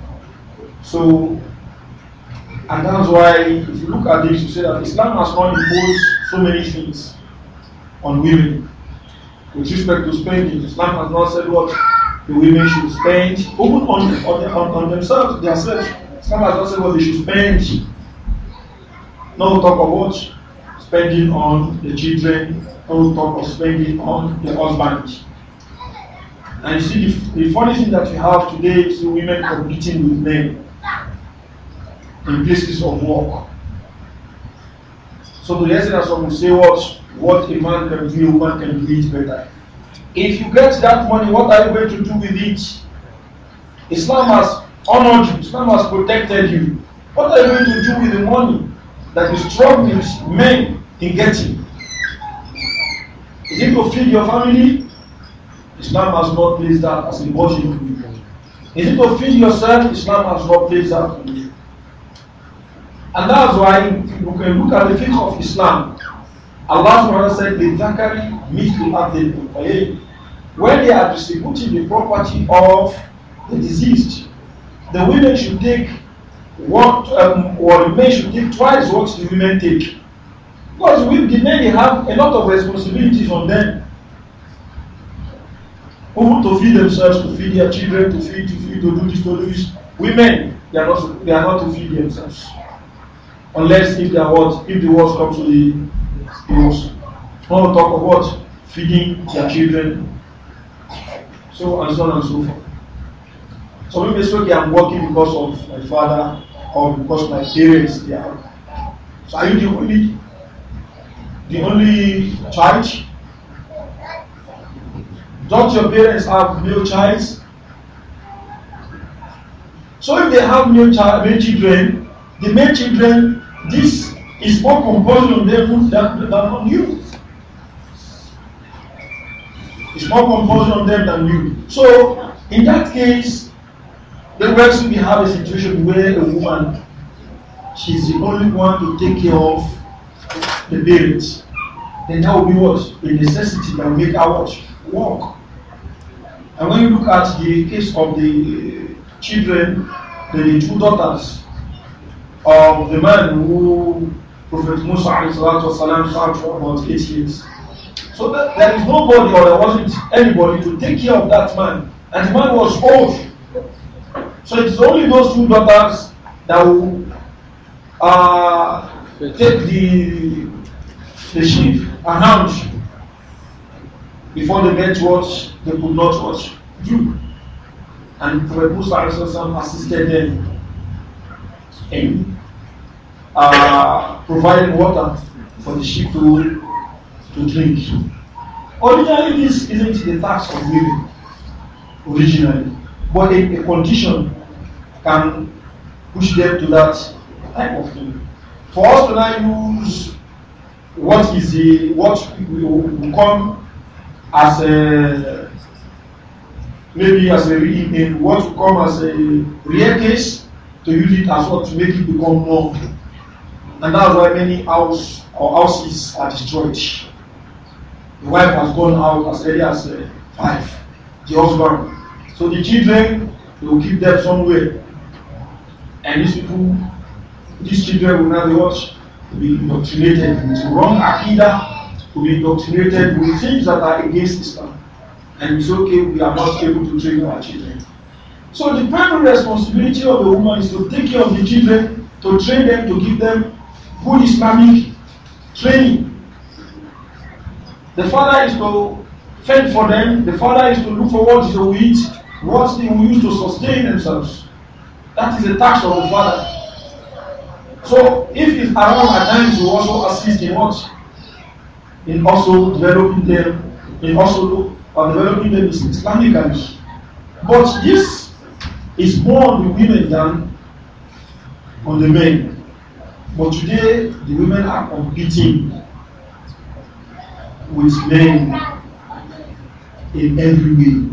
So, and that's why if you look at this, you say that Islam has not imposed so many things on women. With respect to spending, Islam has not said what the women should spend even on, on, on, themselves, themselves. Some has not said they should spend. No talk about Spending on the children, no talk of spending on the husband. And you see, the, the funny thing that we have today is women competing with men in places of work. So the lesson that some will say what what a man can do, a woman can do it better. If you get that money, what are you going to do with it? Islam has honored you, Islam has protected you. What are you going to do with the money that you struggle with men in getting? Is it to feed your family? Islam has not placed that as a worship people. Is it to feed yourself? Islam has not placed that on you. And that's why you can look at the fiqh of Islam. Allah subhanahu said ta'ala said, مثل أهل القيم when they are distributing the property of the deceased the women should take what um, or the men should take twice what the women take because we, the men they have a lot of responsibilities on them who to feed themselves to feed their children to feed to feed to do this to do this women they are not they are not to feed themselves unless if their what if the worst comes to the, the worst to talk about Feeding their children. So and so on and so forth. So maybe it's okay I'm working because of my father or because my parents they are. So are you the only the only child? Don't your parents have male child? So if they have male, child, male children, the male children, this is more composed on them than, than on you. It's more compulsion on them than you. So, in that case, then will soon have a situation where a woman, she's the only one to take care of the parents. Then that will be what? A necessity that will make our work. And when you look at the case of the uh, children, the two daughters of the man who Prophet Musa والسلام, served for about eight years. So there, there is nobody or there wasn't anybody to take care of that man. And the man was old. So it's only those two daughters that will uh, take the, the sheep around before the men watch, they could not watch. Do. And Prophet Musa assisted them in uh, providing water for the sheep to to drink. Originally, this isn't the tax of women, originally, but a, a condition can push them to that type of thing. For us to now use what is the what will come as a maybe as a in what will come as a real case to use it as what to make it become normal, and that's why many house or houses are destroyed. The wife has gone out as early as uh, five. The husband. So the children, they will keep them somewhere. And these people, these children will now be watched, will be indoctrinated into wrong akida, to be indoctrinated with things that are against Islam. And it's okay, we are not able to train our children. So the primary responsibility of the woman is to take care of the children, to train them, to give them good Islamic training. The father is to fend for them. The father is to look for what they will eat, what they will use to sustain themselves. That is the task of the father. So if it's around at times, you also assist in what? In also developing them, in also uh, developing them is Islamically. But this is more on the women than on the men. But today, the women are competing with men in every way.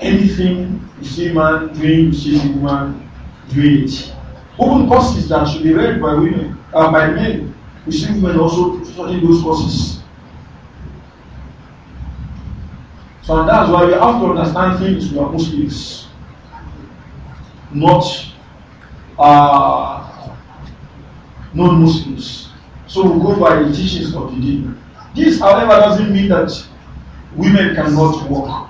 Anything you see man doing, you see woman do it. Open courses that should be read by women, uh, by men, We see women also studying those courses. So that's why we have to understand things we are Muslims, not uh, non-Muslims. So we go by the teachings of the deen. This, however, doesn't mean that women cannot work,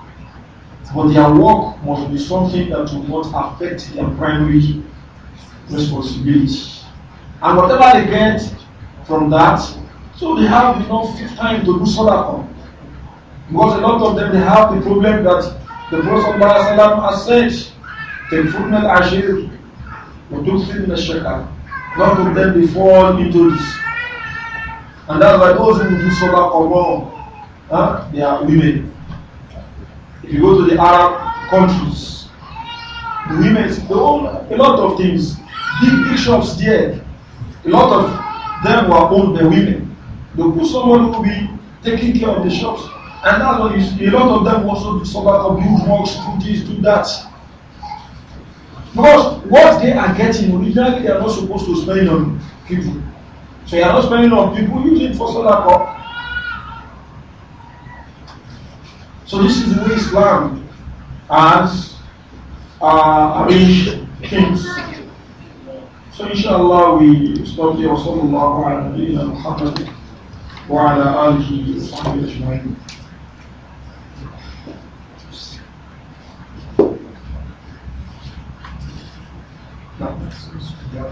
but their work must be something that will not affect their primary responsibility. And whatever they get from that, so they have enough time to do sadaqah. Because a lot of them, they have the problem that the Prophet has said, تنفرنا العشير وتكثر من الشكر. A lot of them, they fall into this. And that's why those who do solar or wrong, huh, they are women. If you go to the Arab countries, the women own a lot of things. Big big shops there, a lot of them were owned by women. They put someone who will be taking care of the shops. And that's why a lot of them also do solar or build works, do this, do that. Because what they are getting originally, they are not supposed to spend on people. So you are not spending on people, use it for sadaqah. So this is the way Islam has uh, arranged things. So inshallah we stop here. Sallallahu alayhi Muhammad wa ala alihi wa sahbihi ajma'in. Yeah.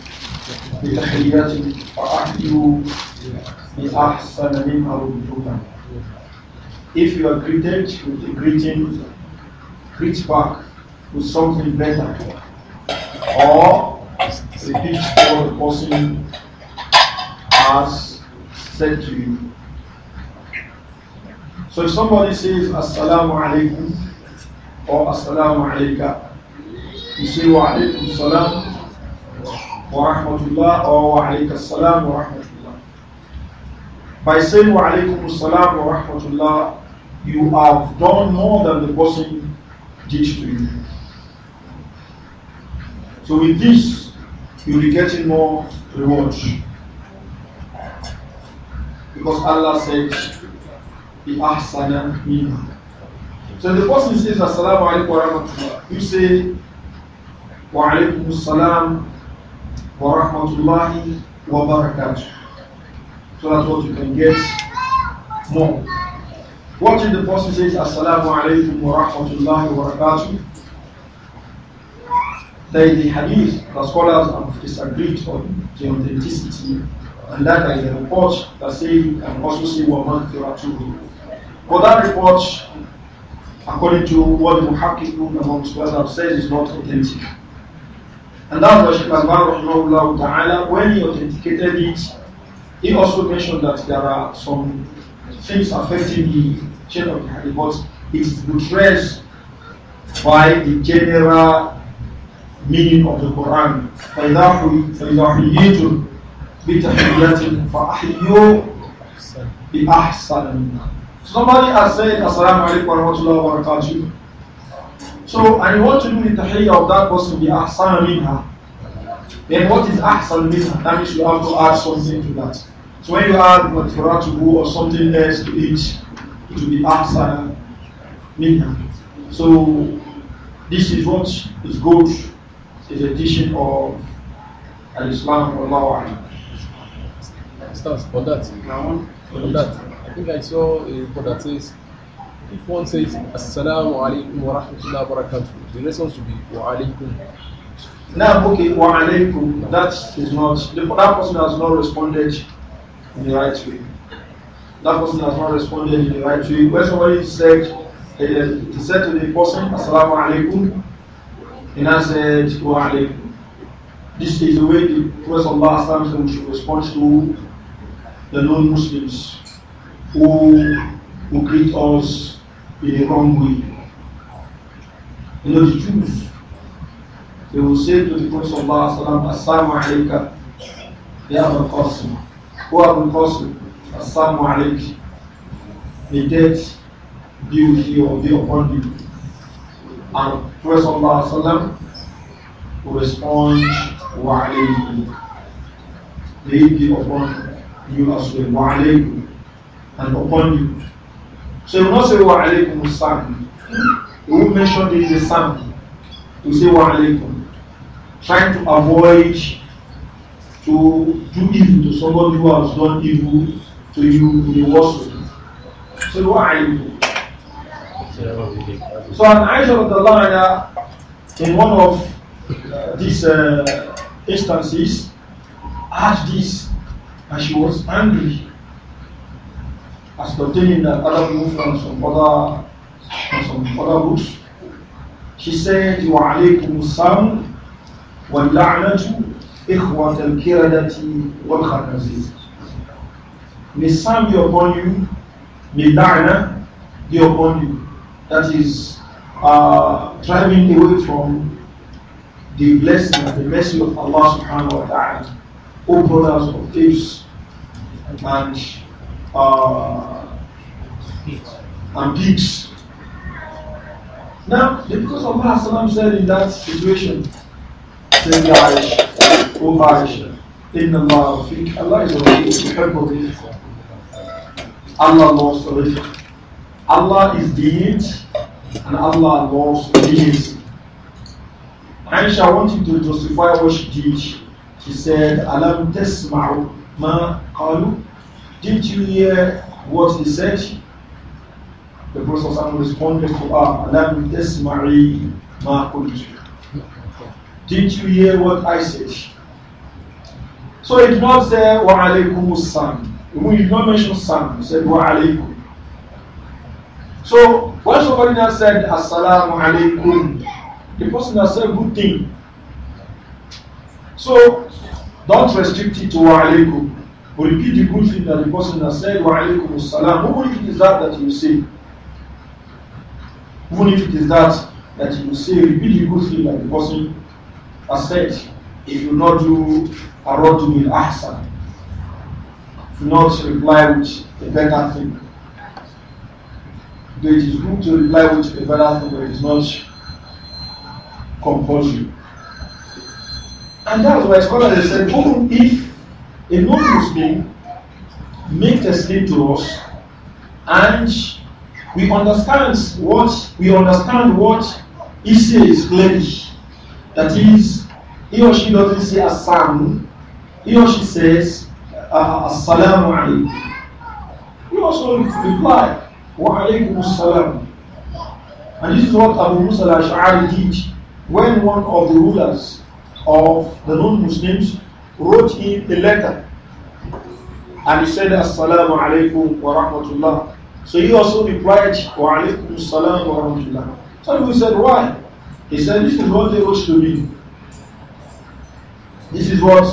بتحيات بأحسن منها وجودا If you are greeted with a greeting, greet back with something better or repeat what the person has said to you. So if somebody says Assalamu alaikum or Assalamu alaika, you say Wa alaikum salam by saying wa alaykum salam wa rahmatullah, you have done more than the person did to you. So with this, you'll be getting more reward. Because Allah says, the ahsana minha. So the person says, Assalamu alaykum wa rahmatullah. You say, Wa as salam wa Barakatuh, So that's what you can get more. What if the person says Assalamu alaykum wa rahmatullahi wa barakatuh? There is a hadith the scholars have disagreed on the authenticity and that is a report that say you can also say wa maghfiratuhu. But that report, according to what the Muhakkikun among scholars have said, is not authentic. And that's why Sheikh Al-Bahar ta'ala, when he authenticated it, he also mentioned that there are some things affecting the chain of the hadith, but it is buttressed by the general meaning of the Quran. فَإِذَا حُيِّيتُمْ بِتَحِيَّةٍ فَأَحْيُّوا بِأَحْسَنَ Somebody has said, Assalamu alaikum wa rahmatullahi wa barakatuh. So, and you want to do the tahiyya of that person, the ahsan minha. Then what is ahsan minha? That means you have to add something to that. So when you add maturatuhu or something else to it, it will be ahsan minha. So this is what is good, is addition teaching of al-Islam Allah. Stars for that. For that, I think I saw a report that says If one says, Assalamu alaikum wa rahmatullahi wa barakatuh, the response should be wa alaikum. Now, okay, wa alaikum, that is not, that person has not responded in the right way. That person has not responded in the right way. When somebody said, uh, he said to the person, Assalamu alaikum, and I said, wa alaikum. This is the way the Prophet Allah should respond to the non-Muslims who, who greet us in the wrong way. You know, the Jews, they will say to the Prophet Sallallahu Alaihi Wasallam, Assalamu Ya Abu Qasim. Who Abu Qasim? Assalamu Alaikum. May death be you or be upon you. And Prophet Sallallahu Alaihi Wasallam will respond, Wa Alaikum. May it be upon you as well. Wa Alaikum. And upon you. So you not say wa aleikum salam. You will mention this the salam. You say wa aleikum. Trying to avoid to do evil to somebody who has done evil to you in the worst way. So wa aleikum. So an Aisha of the Lana in one of uh, these uh, instances asked this and she was angry as contained in other book from some other from some other books. She said, وَعَلَيْكُمُ السَّمْ وَاللَّعْنَةُ إِخْوَةَ الْكِرَدَةِ وَالْخَنَزِيرِ May Sam be upon you, may La'na be upon you. That is uh, driving away from the blessing and the mercy of Allah subhanahu wa ta'ala. O brothers of thieves and uh, and deeds. Now, because of what Allah said in that situation, saying, Aisha, O Aisha, in Allah, Allah is already Allah the already. Allah is deed, and Allah loves deeds. Aisha, I want to justify what she did. She said, Alam tesma'u ma qalu did you hear what he said? The Prophet responded to her, Alam tasma'i ma Did you hear what I said? So it did not say, Wa alaykum salam. We did not mention salam, it said, Wa alaykum. So when somebody now said, Assalamu alaykum, the person has said, Good thing. So don't restrict it to Wa alaykum. repeat the good thing that the person has said, wa alaykum salam, even if it is that that you say. Even if it is that that you say, repeat the good thing that the person has said. If you not do a rod in ahsan, if you not reply with a better thing, though it is good to reply with a better thing, but it is not compulsory. And that's why scholars say, even if A non-Muslim makes a slip to us and we understand what we understand what he says clearly. That is, he or she doesn't say assam, he or she says uh, assalamu alaikum. You also reply wa alaikum assalam. And this is what Abu Musa al-Ash'ari did when one of the rulers of the non-Muslims wrote him a letter and he said, Assalamu alaikum wa rahmatullah. So he also replied, Wa alaikum salam wa rahmatullah. So we said, Why? He said, This is what they wrote to me. This is what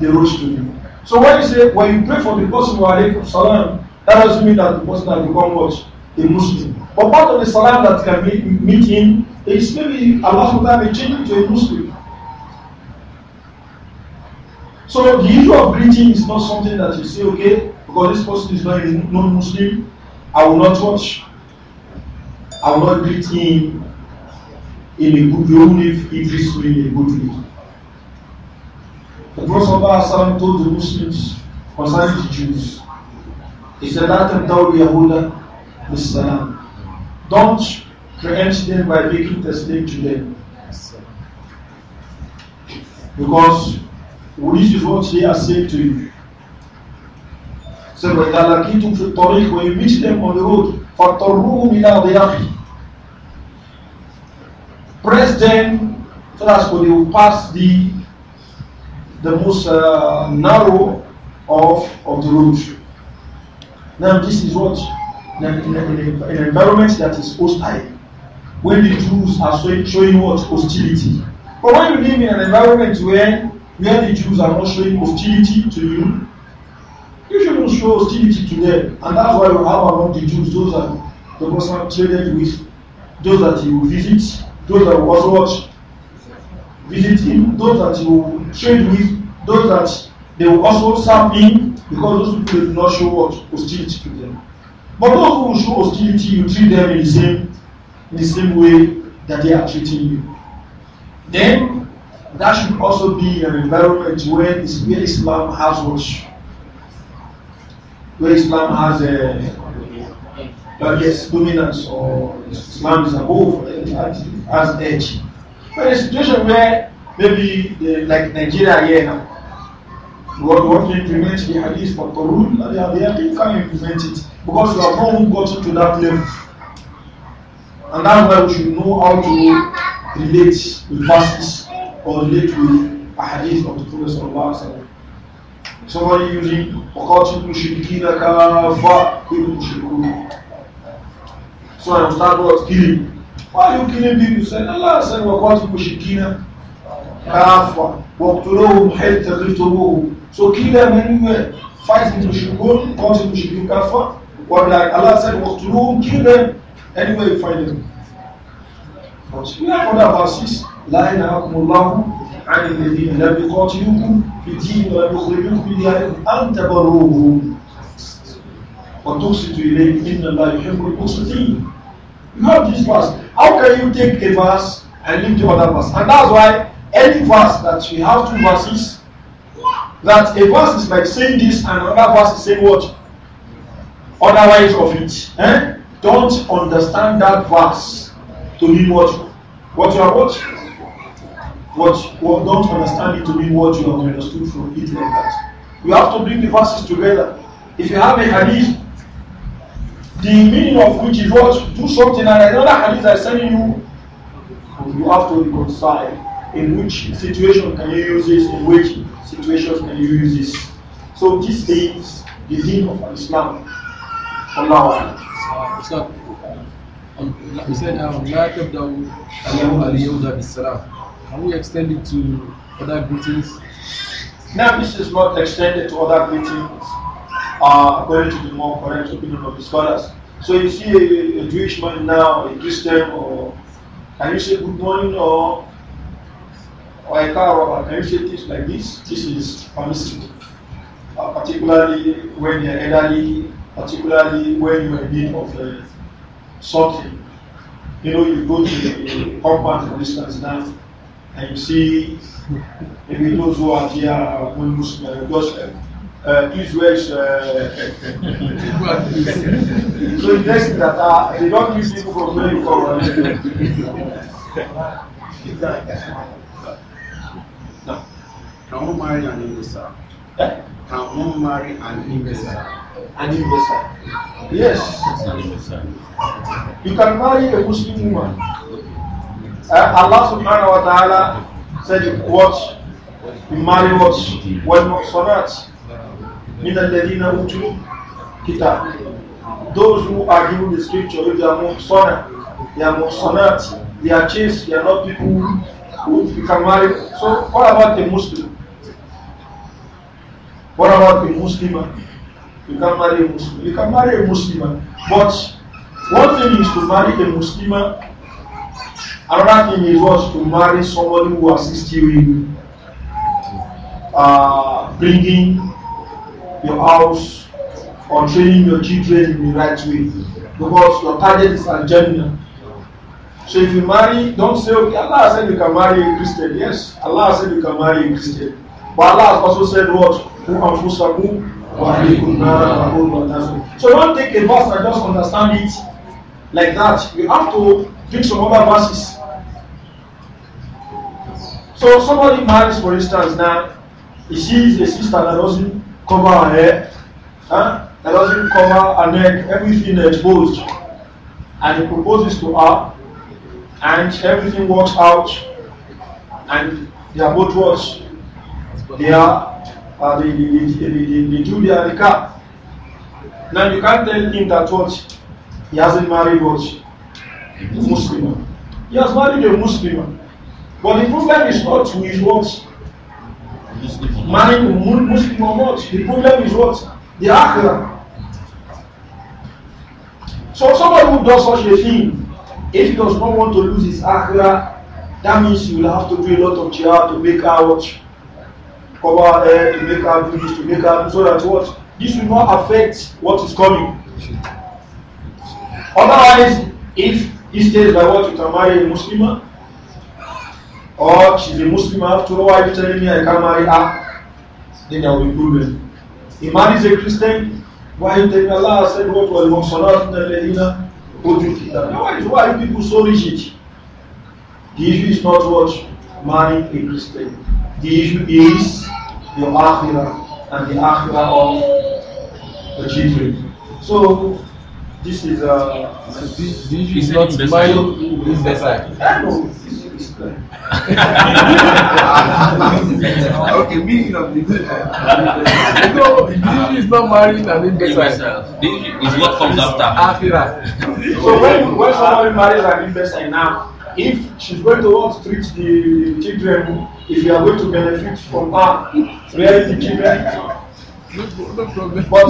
they wrote to me. So when you say, when you pray for the person, Wa alaikum salam, that doesn't mean that the person has become what? A Muslim. But part of the salam that can meet him is maybe Allah may change him to a Muslim. So the issue of greeting is not something that you say, okay, because this person is not a non-Muslim, I will not touch, I will not greet him in a good way only if he greets me in a good way. The Prophet told the Muslims concerning the Jews, he said, "Let them Yahuda salam. Don't preempt them by making the slave to them. Because which is what they are saying to you. So when you meet them on the road, فَطَرُّهُمْ إِلَىٰ ضِيَقِ Press them so that they will pass the, the most uh, narrow of, of the road. Now this is what, in, in, in, an environment that is hostile, when the Jews are showing what? Hostility. But when you live in an environment where where the Jews are not showing hostility to you, you shouldn't show hostility to them. And that's why you have among the Jews those that the Muslim traded with, those that you visit, those that will also watch, visit him, those that you trade with, those that they will also serve him, because those people do not show what hostility to them. But those who show hostility, you treat them in the same, in the same way that they are treating you. Then that should also be an environment where Islam has Where Islam has a but yes, dominance or Islam is above as edge. But a situation where maybe the, uh, like Nigeria here now, what want to implement the hadith for Torun, they are there, they can implement it because you have not gotten to that level. And that's why we should know how to relate with verses. or relate with a hadith of the Prophet Sallallahu Somebody using وَقَاتِلْ مُشْرِكِينَ كَافَةً مُشْرِكُونَ So I will start what? Killing. Why are you killing people? Say, Allah said, وَقَاتِلْ مُشْرِكِينَ كَافَةً وَاقْتُلُوهُمْ حَيْثَ غِفْتُمُوهُم So kill them anywhere. Fight the mushrikun, قَاتِلْ مُشْرِكِينَ كَافَةً But like Allah said, وَاقْتُلُوهُم Kill them anywhere you find them. But we have other verses láìna ọkùnlọ́kùn àìlèdè ìlàbíkọ́ tí ó kú fi dí ìlàbíkọ́ Not this verse. How can you take a verse and leave the verse? And that's why any verse that you have two verses, that a verse is like saying this and another verse is saying what? Otherwise of it. Eh? Don't understand that verse to mean what? What you are what? But don't understand it to mean what you have understood from it like that. You have to bring the verses together. If you have a hadith, the meaning of which is what do something and another hadith is telling you, you have to reconcile. In which situation can you use this? In which situations can you use this? So this is the deen of Islam. Allah. Islam. You said, can we extend it to other greetings? Now, this is not extended to other greetings, uh, according to the more correct opinion of the scholars. So you see a, a Jewish man now, a Christian, or can you say good morning or or a car, or can you say things like this? This is permissible, uh, particularly when you're elderly, particularly when you're in need of uh, something. You know, you go to the compound, for instance, now and you see maybe those who are here when Muslim because uh, these words uh, so it tells that uh, they don't use people from going forward. Uh, now, can one marry an investor? Eh? Can one marry an investor? An investor. Yes. You can marry a Muslim woman. Uh, Allah subhanahu wa ta'ala said Watch what? Marry what? والمحصنات من الذين أوتوا Kitab. Those who are given the scripture, if they are muhsana, they are muhsanat, they are chaste, they are not people who you can marry. So what about the Muslim? What about the Muslim? You can marry a Muslim. You can marry a Muslim. But one thing is to marry a Muslim Another thing is was to marry somebody who assists you in uh, bringing your house or training your children in the right way because your target is Algeria. So if you marry, don't say, okay, Allah said you can marry a Christian. Yes, Allah said you can marry a Christian. But Allah also said what? So don't take a verse and just understand it like that. You have to pick some other verses So somebody marries, for instance, now he sees a sister that doesn't cover her hair, huh? that doesn't cover her neck, everything exposed, and he proposes to her, and everything works out, and they are both what? They are uh, the the the they, they do the recap. Now you can't tell him that what he hasn't married what Muslim. He has married a Muslim. But the problem is not who is what. Marrying Muslim or not. The problem is what? The akhirah. So somebody who does such a thing, if he does not want to lose his akhirah, that means he will have to do a lot of jihad to make her watch, cover her hair, to make her do this, to make her do so that what? This will not affect what is coming. Otherwise, if he stays by what you can marry a man or she's a Muslim after all, why are you telling me I can't marry her? Then there will be problem. He marries a Christian, why are you telling me Allah said what was Moksanat Nalehina now? Why, why are people so rigid? The issue is not what marrying a Christian. The issue is your akhirah and the akhirah of the children. So this is a. Uh, this, this is not my. This is side. okay, meaning of the uh, eh? no, the is not marrying an imbecile. The is what comes after. After. so when when somebody marries an imbecile now, if she's going to want to treat the children, if you are going to benefit from her, where is the children. No, But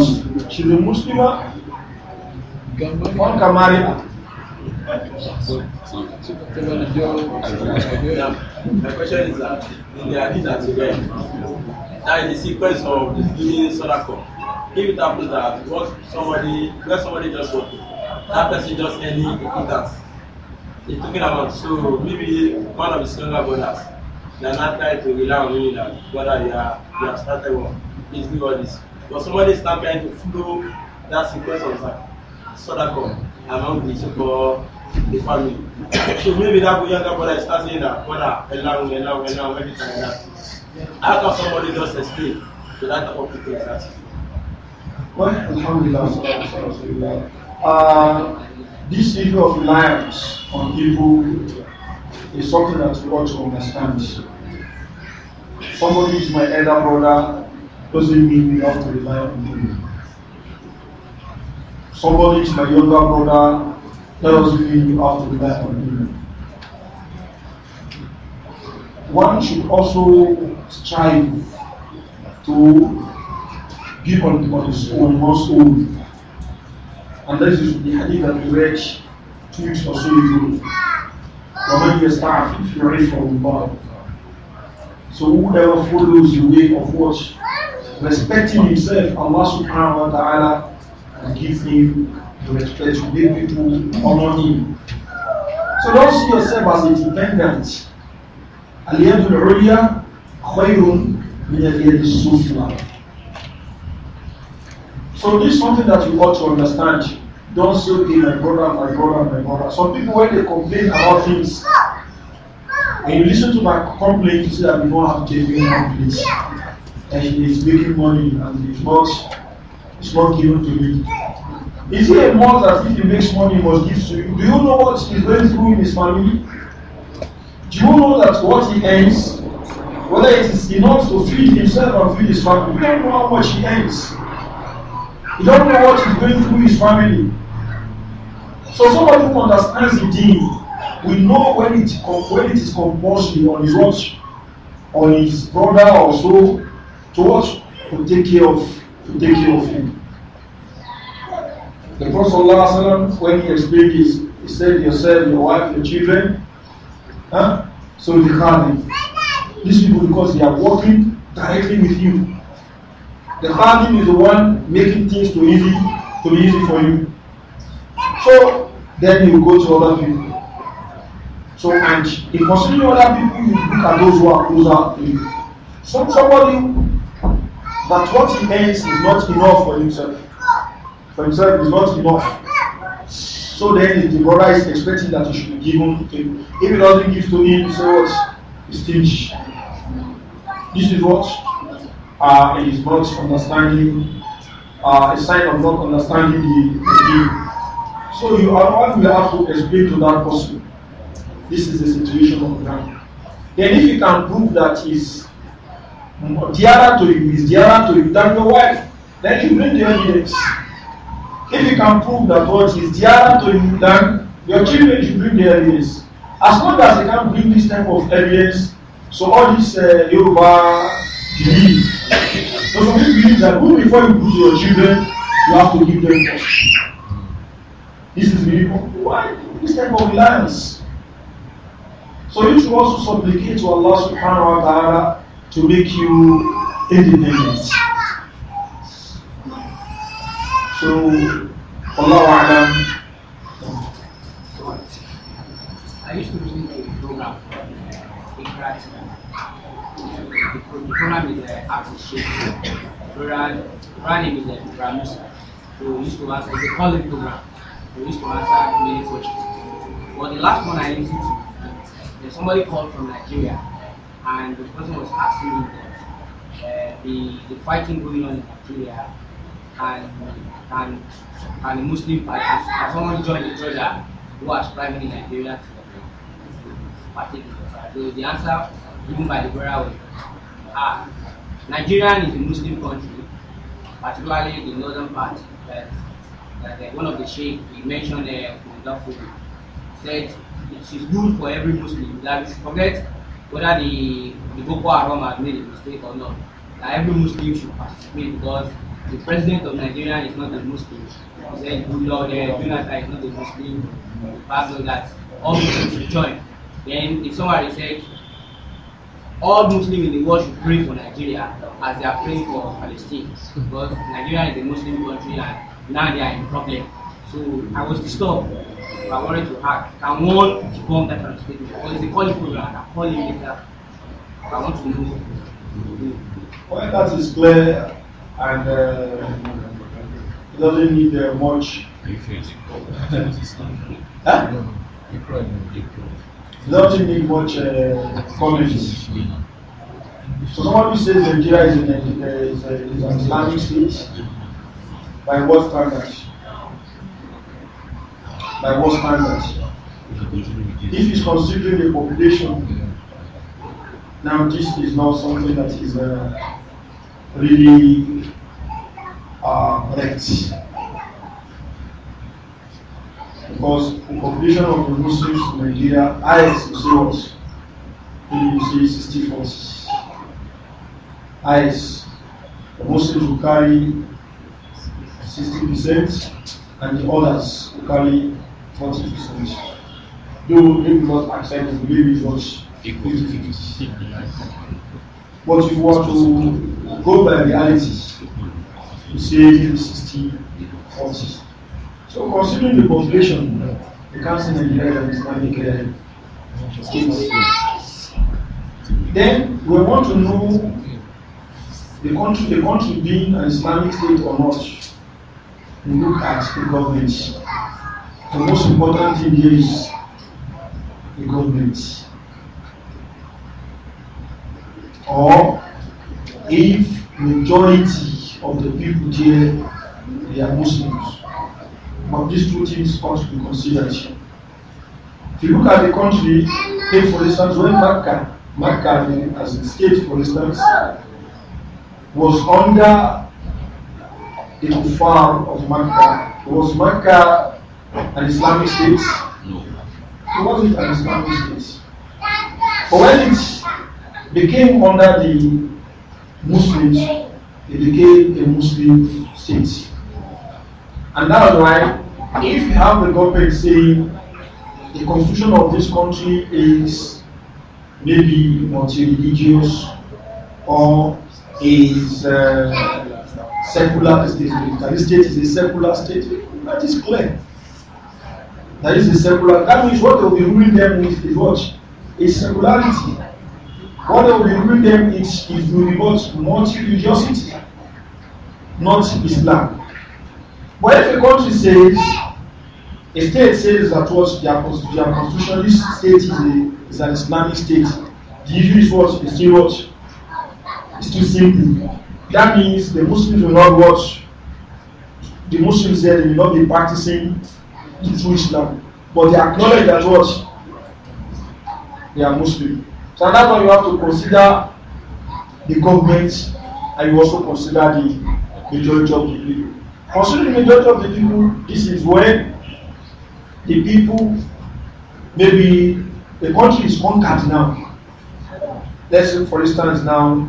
she's a Muslim. One can marry her. My question is that in the hadith that that is the sequence of the giving sadaqah. If it happens that what somebody, where somebody just walked, that person just any importance. He's talking about so maybe one of his younger brothers, they are not trying to rely on you that brother you are you have started one, please do all this. But somebody is not trying to follow that sequence of sadaqah among the so-called the family. so maybe that younger brother is starting that brother allowing, allowing, allowing, everything like that. How can somebody just explain to that type of people like that? Well, alhamdulillah, uh, this issue of reliance on people is something that we ought to understand. Somebody is my elder brother doesn't mean we have to rely on him. Somebody is my younger brother those we the battle. One should also strive to be on, on his own, one's own. And this is the hadith that we read two weeks or so ago. وَمَنْ So whoever follows the way of what? Respecting himself, Allah subhanahu wa ta'ala, and give him to expect to give people honor him. So don't see yourself as a dependent. اليد العليا خير من اليد السفلى. So this is something that you ought to understand. Don't say, okay, my brother, my brother, my brother. Some people, when they complain about things, when you listen to my complaint, you say that we don't have genuine complaints. And he is making money and it's not, it's not given to me. Is he a man that if he makes money, he must give to you? Do you know what is going through in his family? Do you know that what he earns, whether it is enough to feed himself and feed his family, you don't know how much he earns. You don't know what is going through in his family. So somebody who understands the deen will know when it, when it is compulsory on his watch, on his brother or so, to watch to take care of, to take care of him. The Prophet ﷺ, when he explained this, he said, yourself, your wife, your children, huh? so the khadim. These people, because they are working directly with you. The khadim is the one making things too easy, too easy for you. So then you go to other people. So and in considering other people, you look at those who are closer to you. So somebody that what he earns is not enough for himself for himself is not enough. So then the brother is expecting that he should be given to him. If he doesn't give to him, so what? He's stingy. This is what uh, is not understanding, uh, a sign of not understanding the, deal. So you are one will have to explain to that person. This is the situation of the ground. Then if you can prove that is dearer to you, is dearer to you than your wife, then you bring the evidence. If you can prove that what is dear to you than your children should bring the evidence. As long as they can bring this type of evidence, so all this uh, Yoruba believe. So some people believe that even before you do to your children, you have to give them first. This is believable. Why this type of reliance? So you should also supplicate to Allah subhanahu wa ta'ala to make you independent. So, Allah Alam. I used to listen to program The program is an act of shape. Quran is a grammar. we used to answer, it's program. We used to answer many questions. But the last one I listened to, somebody called from Nigeria and the person was asking me that uh, the, the fighting going on in Nigeria can can can a Muslim party as someone join the treasure who are striving in Nigeria So the answer given by the Bora was ah, Nigeria is a Muslim country, particularly the northern part. That, one of the sheikh he mentioned uh, from Darfur said it is good for every Muslim that we should forget whether the, the Boko Haram has made a mistake or not. That every Muslim should participate because the president of Nigeria is not a Muslim. He said, good Lord, Jonathan is not a Muslim. Pastor that all Muslims should join. Then if somebody said, all Muslims in the world should pray for Nigeria as they are praying for Palestine. Because Nigeria is a Muslim country and now they are in problem. So I was disturbed. I wanted to ask, can one debunk that kind Because it's a calling program, I'm calling later. I want to know. Well, that is clear and it doesn't need much. huh? It doesn't need much comments. So someone who says Nigeria is, is, is an Islamic state, by what standards? By what standards? If it's considering the population, now this is not something that is uh, really uh, correct. Because the population of the Muslims in Nigeria, highest is what? Maybe you say 60 forces. Highest. The Muslims will carry 60% and the others will carry 40%. Though they will not accept the believe is what? Equal But you want to go by reality. You say 60, 40. So considering the population, the council Nigeria is Islamic uh, state. Then we want to know the country, the country being an Islamic state or not. We look at the government. The most important thing here is the government or if majority of the people there they are Muslims. But these two things ought to be considered. If you look at the country, take for instance when Makkah, Makkah as a state for instance, was under the rule of Makkah. Was Makkah an Islamic state? No. It wasn't an Islamic state. But when it they came under the Muslims, they became a Muslim state. And that is why, if you have the government saying the constitution of this country is maybe multi-religious or is uh, secular state, that state is a secular state, that is clear. That is a secular, that means what they will be ruling them with is what? a secularity. What they will rebuke them is, is will be what multi-religiosity, not Islam. But if a country says, a state says that what their, constitution, this state is, a, is an Islamic state, the issue is what is still what? It's too simple. That means the Muslims will not watch. The Muslims there will not be practicing the true Islam. But they acknowledge that what? They are Muslim. So that's why you have to consider the government and you also consider the majority of the people. Considering the majority of the people, this is when the people, maybe the country is conquered now. Let's say, for instance, now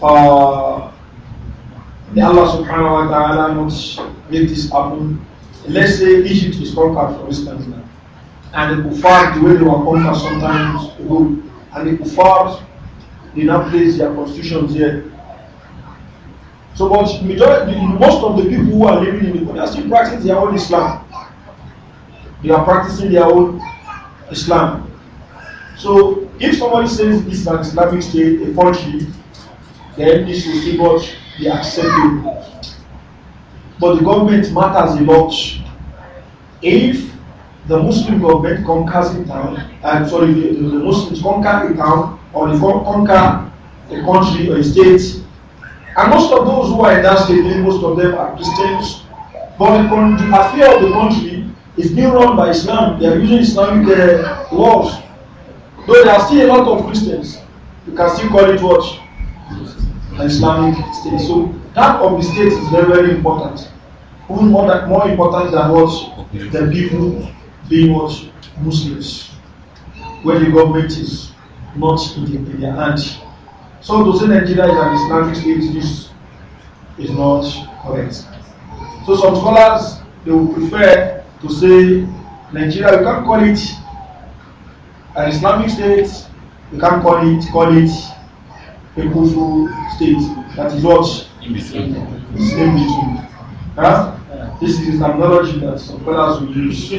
uh, Allah subhanahu wa ta'ala not make this happen. Let's say Egypt is conquered, for instance, now. And the Kufar, the way they were conquered sometimes ago, and the kuffar did not place their constitutions here. So but majority, most of the people who are living in the country are still practicing their own Islam. They are practicing their own Islam. So if somebody says this is an Islamic state, a country, then this will still not be acceptable. But the government matters a lot. If the Muslim government conquers a town, uh, sorry, the, the, the Muslims conquer a town or they conquer a country or a state. And most of those who are in that state, most of them are Christians. But the, the affair of the country is being run by Islam. They are using Islamic uh, laws. Though there are still a lot of Christians, you can still call it what? An Islamic state. So that of the state is very, very important. Even more, that, more important than what? The people He was Muslims when the government is not in, the, in their hand. So to say Nigeria is an Islamic state, this is not correct. So some scholars they would prefer to say Nigeria, you can call it an Islamic state, you can call it call it a Kufu state. That is what in between. It's in between. Huh? Yeah. This is the terminology that some scholars will use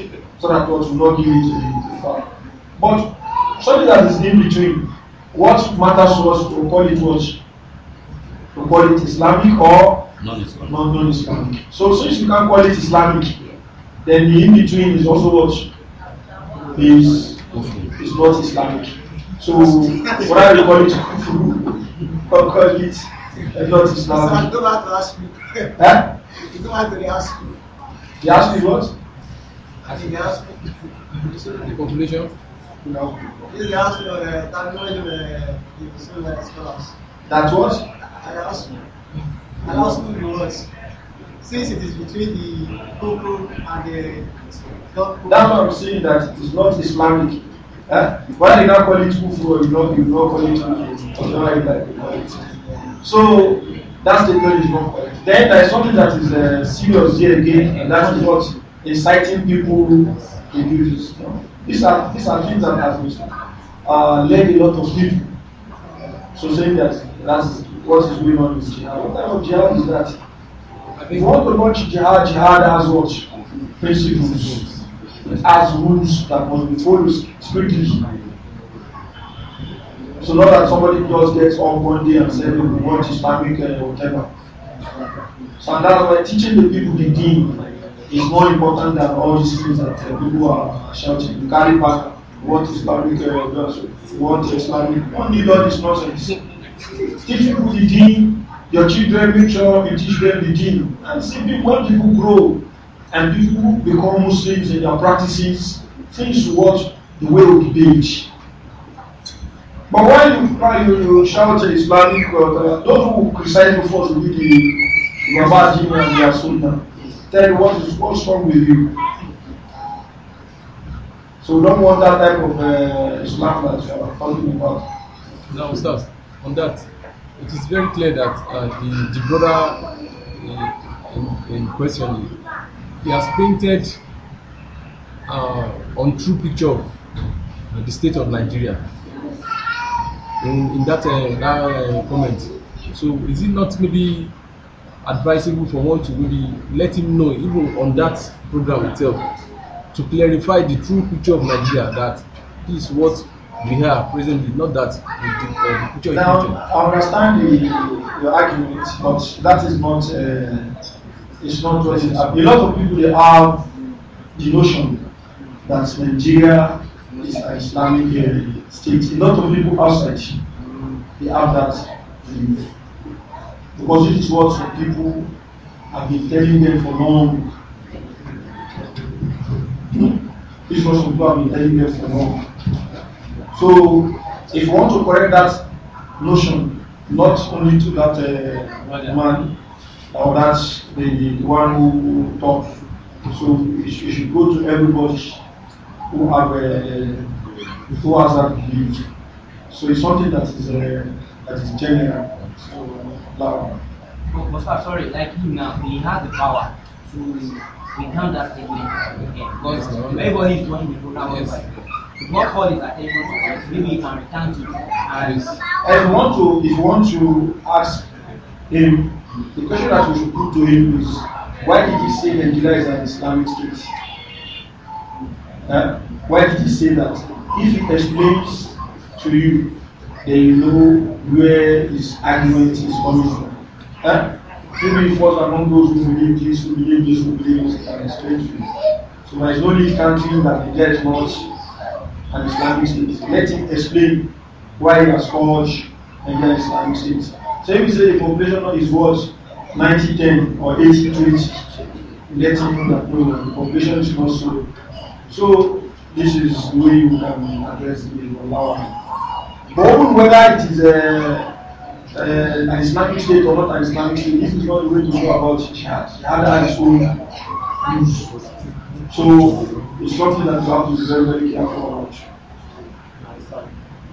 so that God will not give it to the, the But something that is in between, what matters to us to call it what? To call it Islamic or non-Islamic. non-Islamic. So since you can't call it Islamic, then the in between is also what is is not Islamic. So what whether you call it kufru or call it uh, not Islamic. I don't have to ask me. Eh? You don't have to ask you. ask me what? Así que ask, the conclusion. No. You asked for the terminology with the silver scholars. That what? I asked you. I asked you the words. Since it is between the Kukru and the That's why I'm saying that it is not Islamic. Eh? Why did I call it Kufru you know, you know, call it Kufru? So, that statement is not correct. Then there is something that is uh, serious here again, and that is what inciting people to do this. You know? These are these are things that has uh, led a lot of people. So saying that that's what is going on with jihad. What type of jihad is that? I think what to jihad, jihad has what? Principles. It has rules that must be followed strictly. So not that somebody just gets on one day and says, we want Islamic uh, whatever. So that's why teaching the people the deen is more important than all these things that uh, people are shouting. You carry back what is Islamic uh, what is Islamic. You don't need all this nonsense. Teach people the deen, your children, make sure you teach them the deen. And see, when people grow and people become Muslims and their practices, things what the way of the age. But when you try you, you shout Islamic, uh, those who criticize you first will be the Babajima and their Sunnah. tell you what is what's wrong with you. So we don't want that type of uh, Islam that you are talking about. Now, Ustaz, on that, it is very clear that uh, the, the, brother uh, in, in, question, he has painted uh, on true picture of uh, the state of Nigeria in, in that, uh, that uh, comment. So is it not maybe advisable for one to really let him know even on that program itself to clarify the true picture of Nigeria that this is what we have presently not that we do, uh, the picture now, is now I understand the your argument but that is not uh, it's not what it a lot of people they have the notion that Nigeria is an Islamic uh, state a lot of people outside they have that belief. Because this is what some people have been telling them for long. This is what some people have been telling them for long. So, if you want to correct that notion, not only to that uh, man or that the, the one who talks, so it should go to everybody who have a, uh, who has that belief. So it's something that is uh, that is general. So, Lord. Mustafa, sorry, like him now, he has the power to recount that statement again. Because everybody is doing the program yes. If one call is attention, maybe he can recount it. And yes. if you want to, if you want to ask him, the question that we should put to him is, why did he say Nigeria is an Islamic state? Uh, why did he say that? If he explains to you then you know where his argument is coming from. Huh? Eh? Maybe it was among those who believe this, who believe this, who believe this, and explain to you. So there is no need counting that he gets much an Islamic state. Let him explain why he has forged against Islamic state. So if you say the population is what 90 10 or 80 20, let him know that no, the population is not so. So this is the way you can address the Allah. But even whether it is a, uh, a, uh, an Islamic state or not an Islamic state, this is not the way to go about jihad. Jihad has its own use. So it's something that you have to be very, very careful about.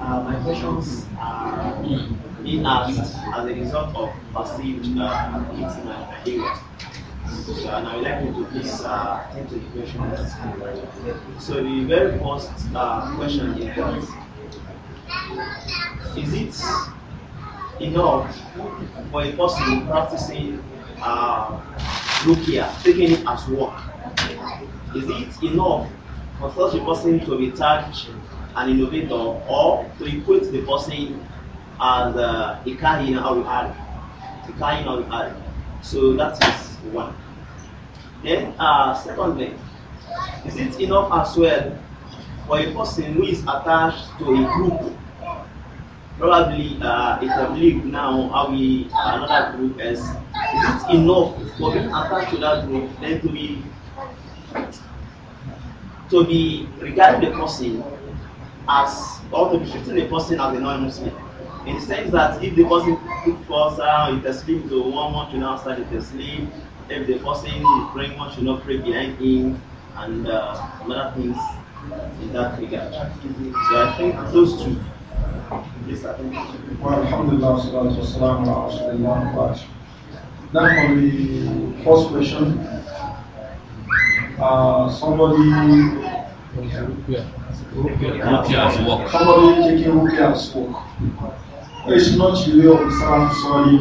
Uh, my questions are being asked as a result of perceived uh, hitting my area. So, and I would like you to please uh, attend to the questions. So the very first uh, question is is it enough for a person practicing uh, rukia, taking it as work? Is it enough for such a person to be tagged an innovator or to equate the person as uh, a kahin or a a kahin So that is one. Then, uh, secondly, is it enough as well for a person who is attached to a group probably uh, it's a now, how we another group is. Is it enough for being attached to that group then to be to be regarding the person as or to be treating the person as a non-Muslim? In the sense that if the person falls out, if the sleep to one month should not start the sleep, if the person is praying, one should not pray behind him, and uh, other things in that regard. So I think those two. Alhamdulillah, salatu wassalamu ala rasulillah. Now on the first question, uh, somebody somebody taking Rukia's work. It's not the way of Islam, sorry,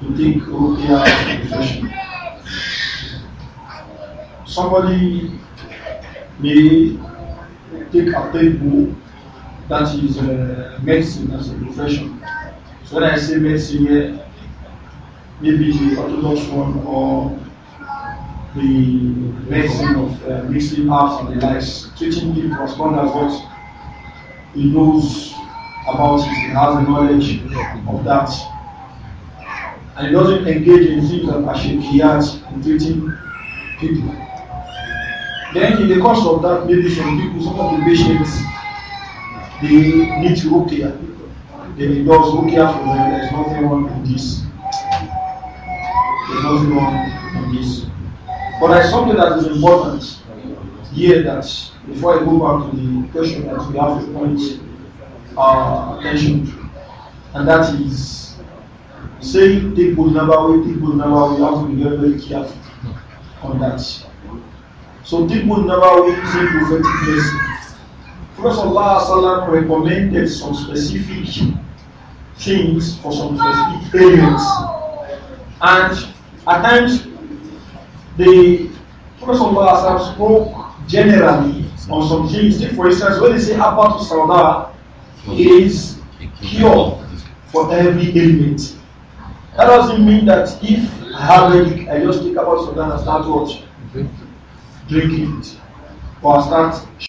to take Rukia as profession. Somebody may take a table that is uh, medicine as a profession. So when I say medicine here, maybe the orthodox one or the medicine of uh, mixing herbs and the likes, treating people as long as what he knows about it, he has the knowledge of that. And he doesn't engage in things that are shaky in treating people. Then in the course of that, maybe some people, some of the patients they need rukia. They does rukia for them. There's nothing wrong with this. There's nothing wrong with this. But there's something that is important here that before I go back to the question that we have to point uh, attention to, and that is saying people Nabawi, people will. you have to be very, very careful on that. So people Nabawi is a prophetic blessing. Prophet recommended some specific things for some specific areas. And at times, the Prophet spoke generally on some things. for instance, when they say Abba to Sauda, is cure for every ailment. That doesn't mean that if I have a, I I just take about Sauda and start Drinking it. Or start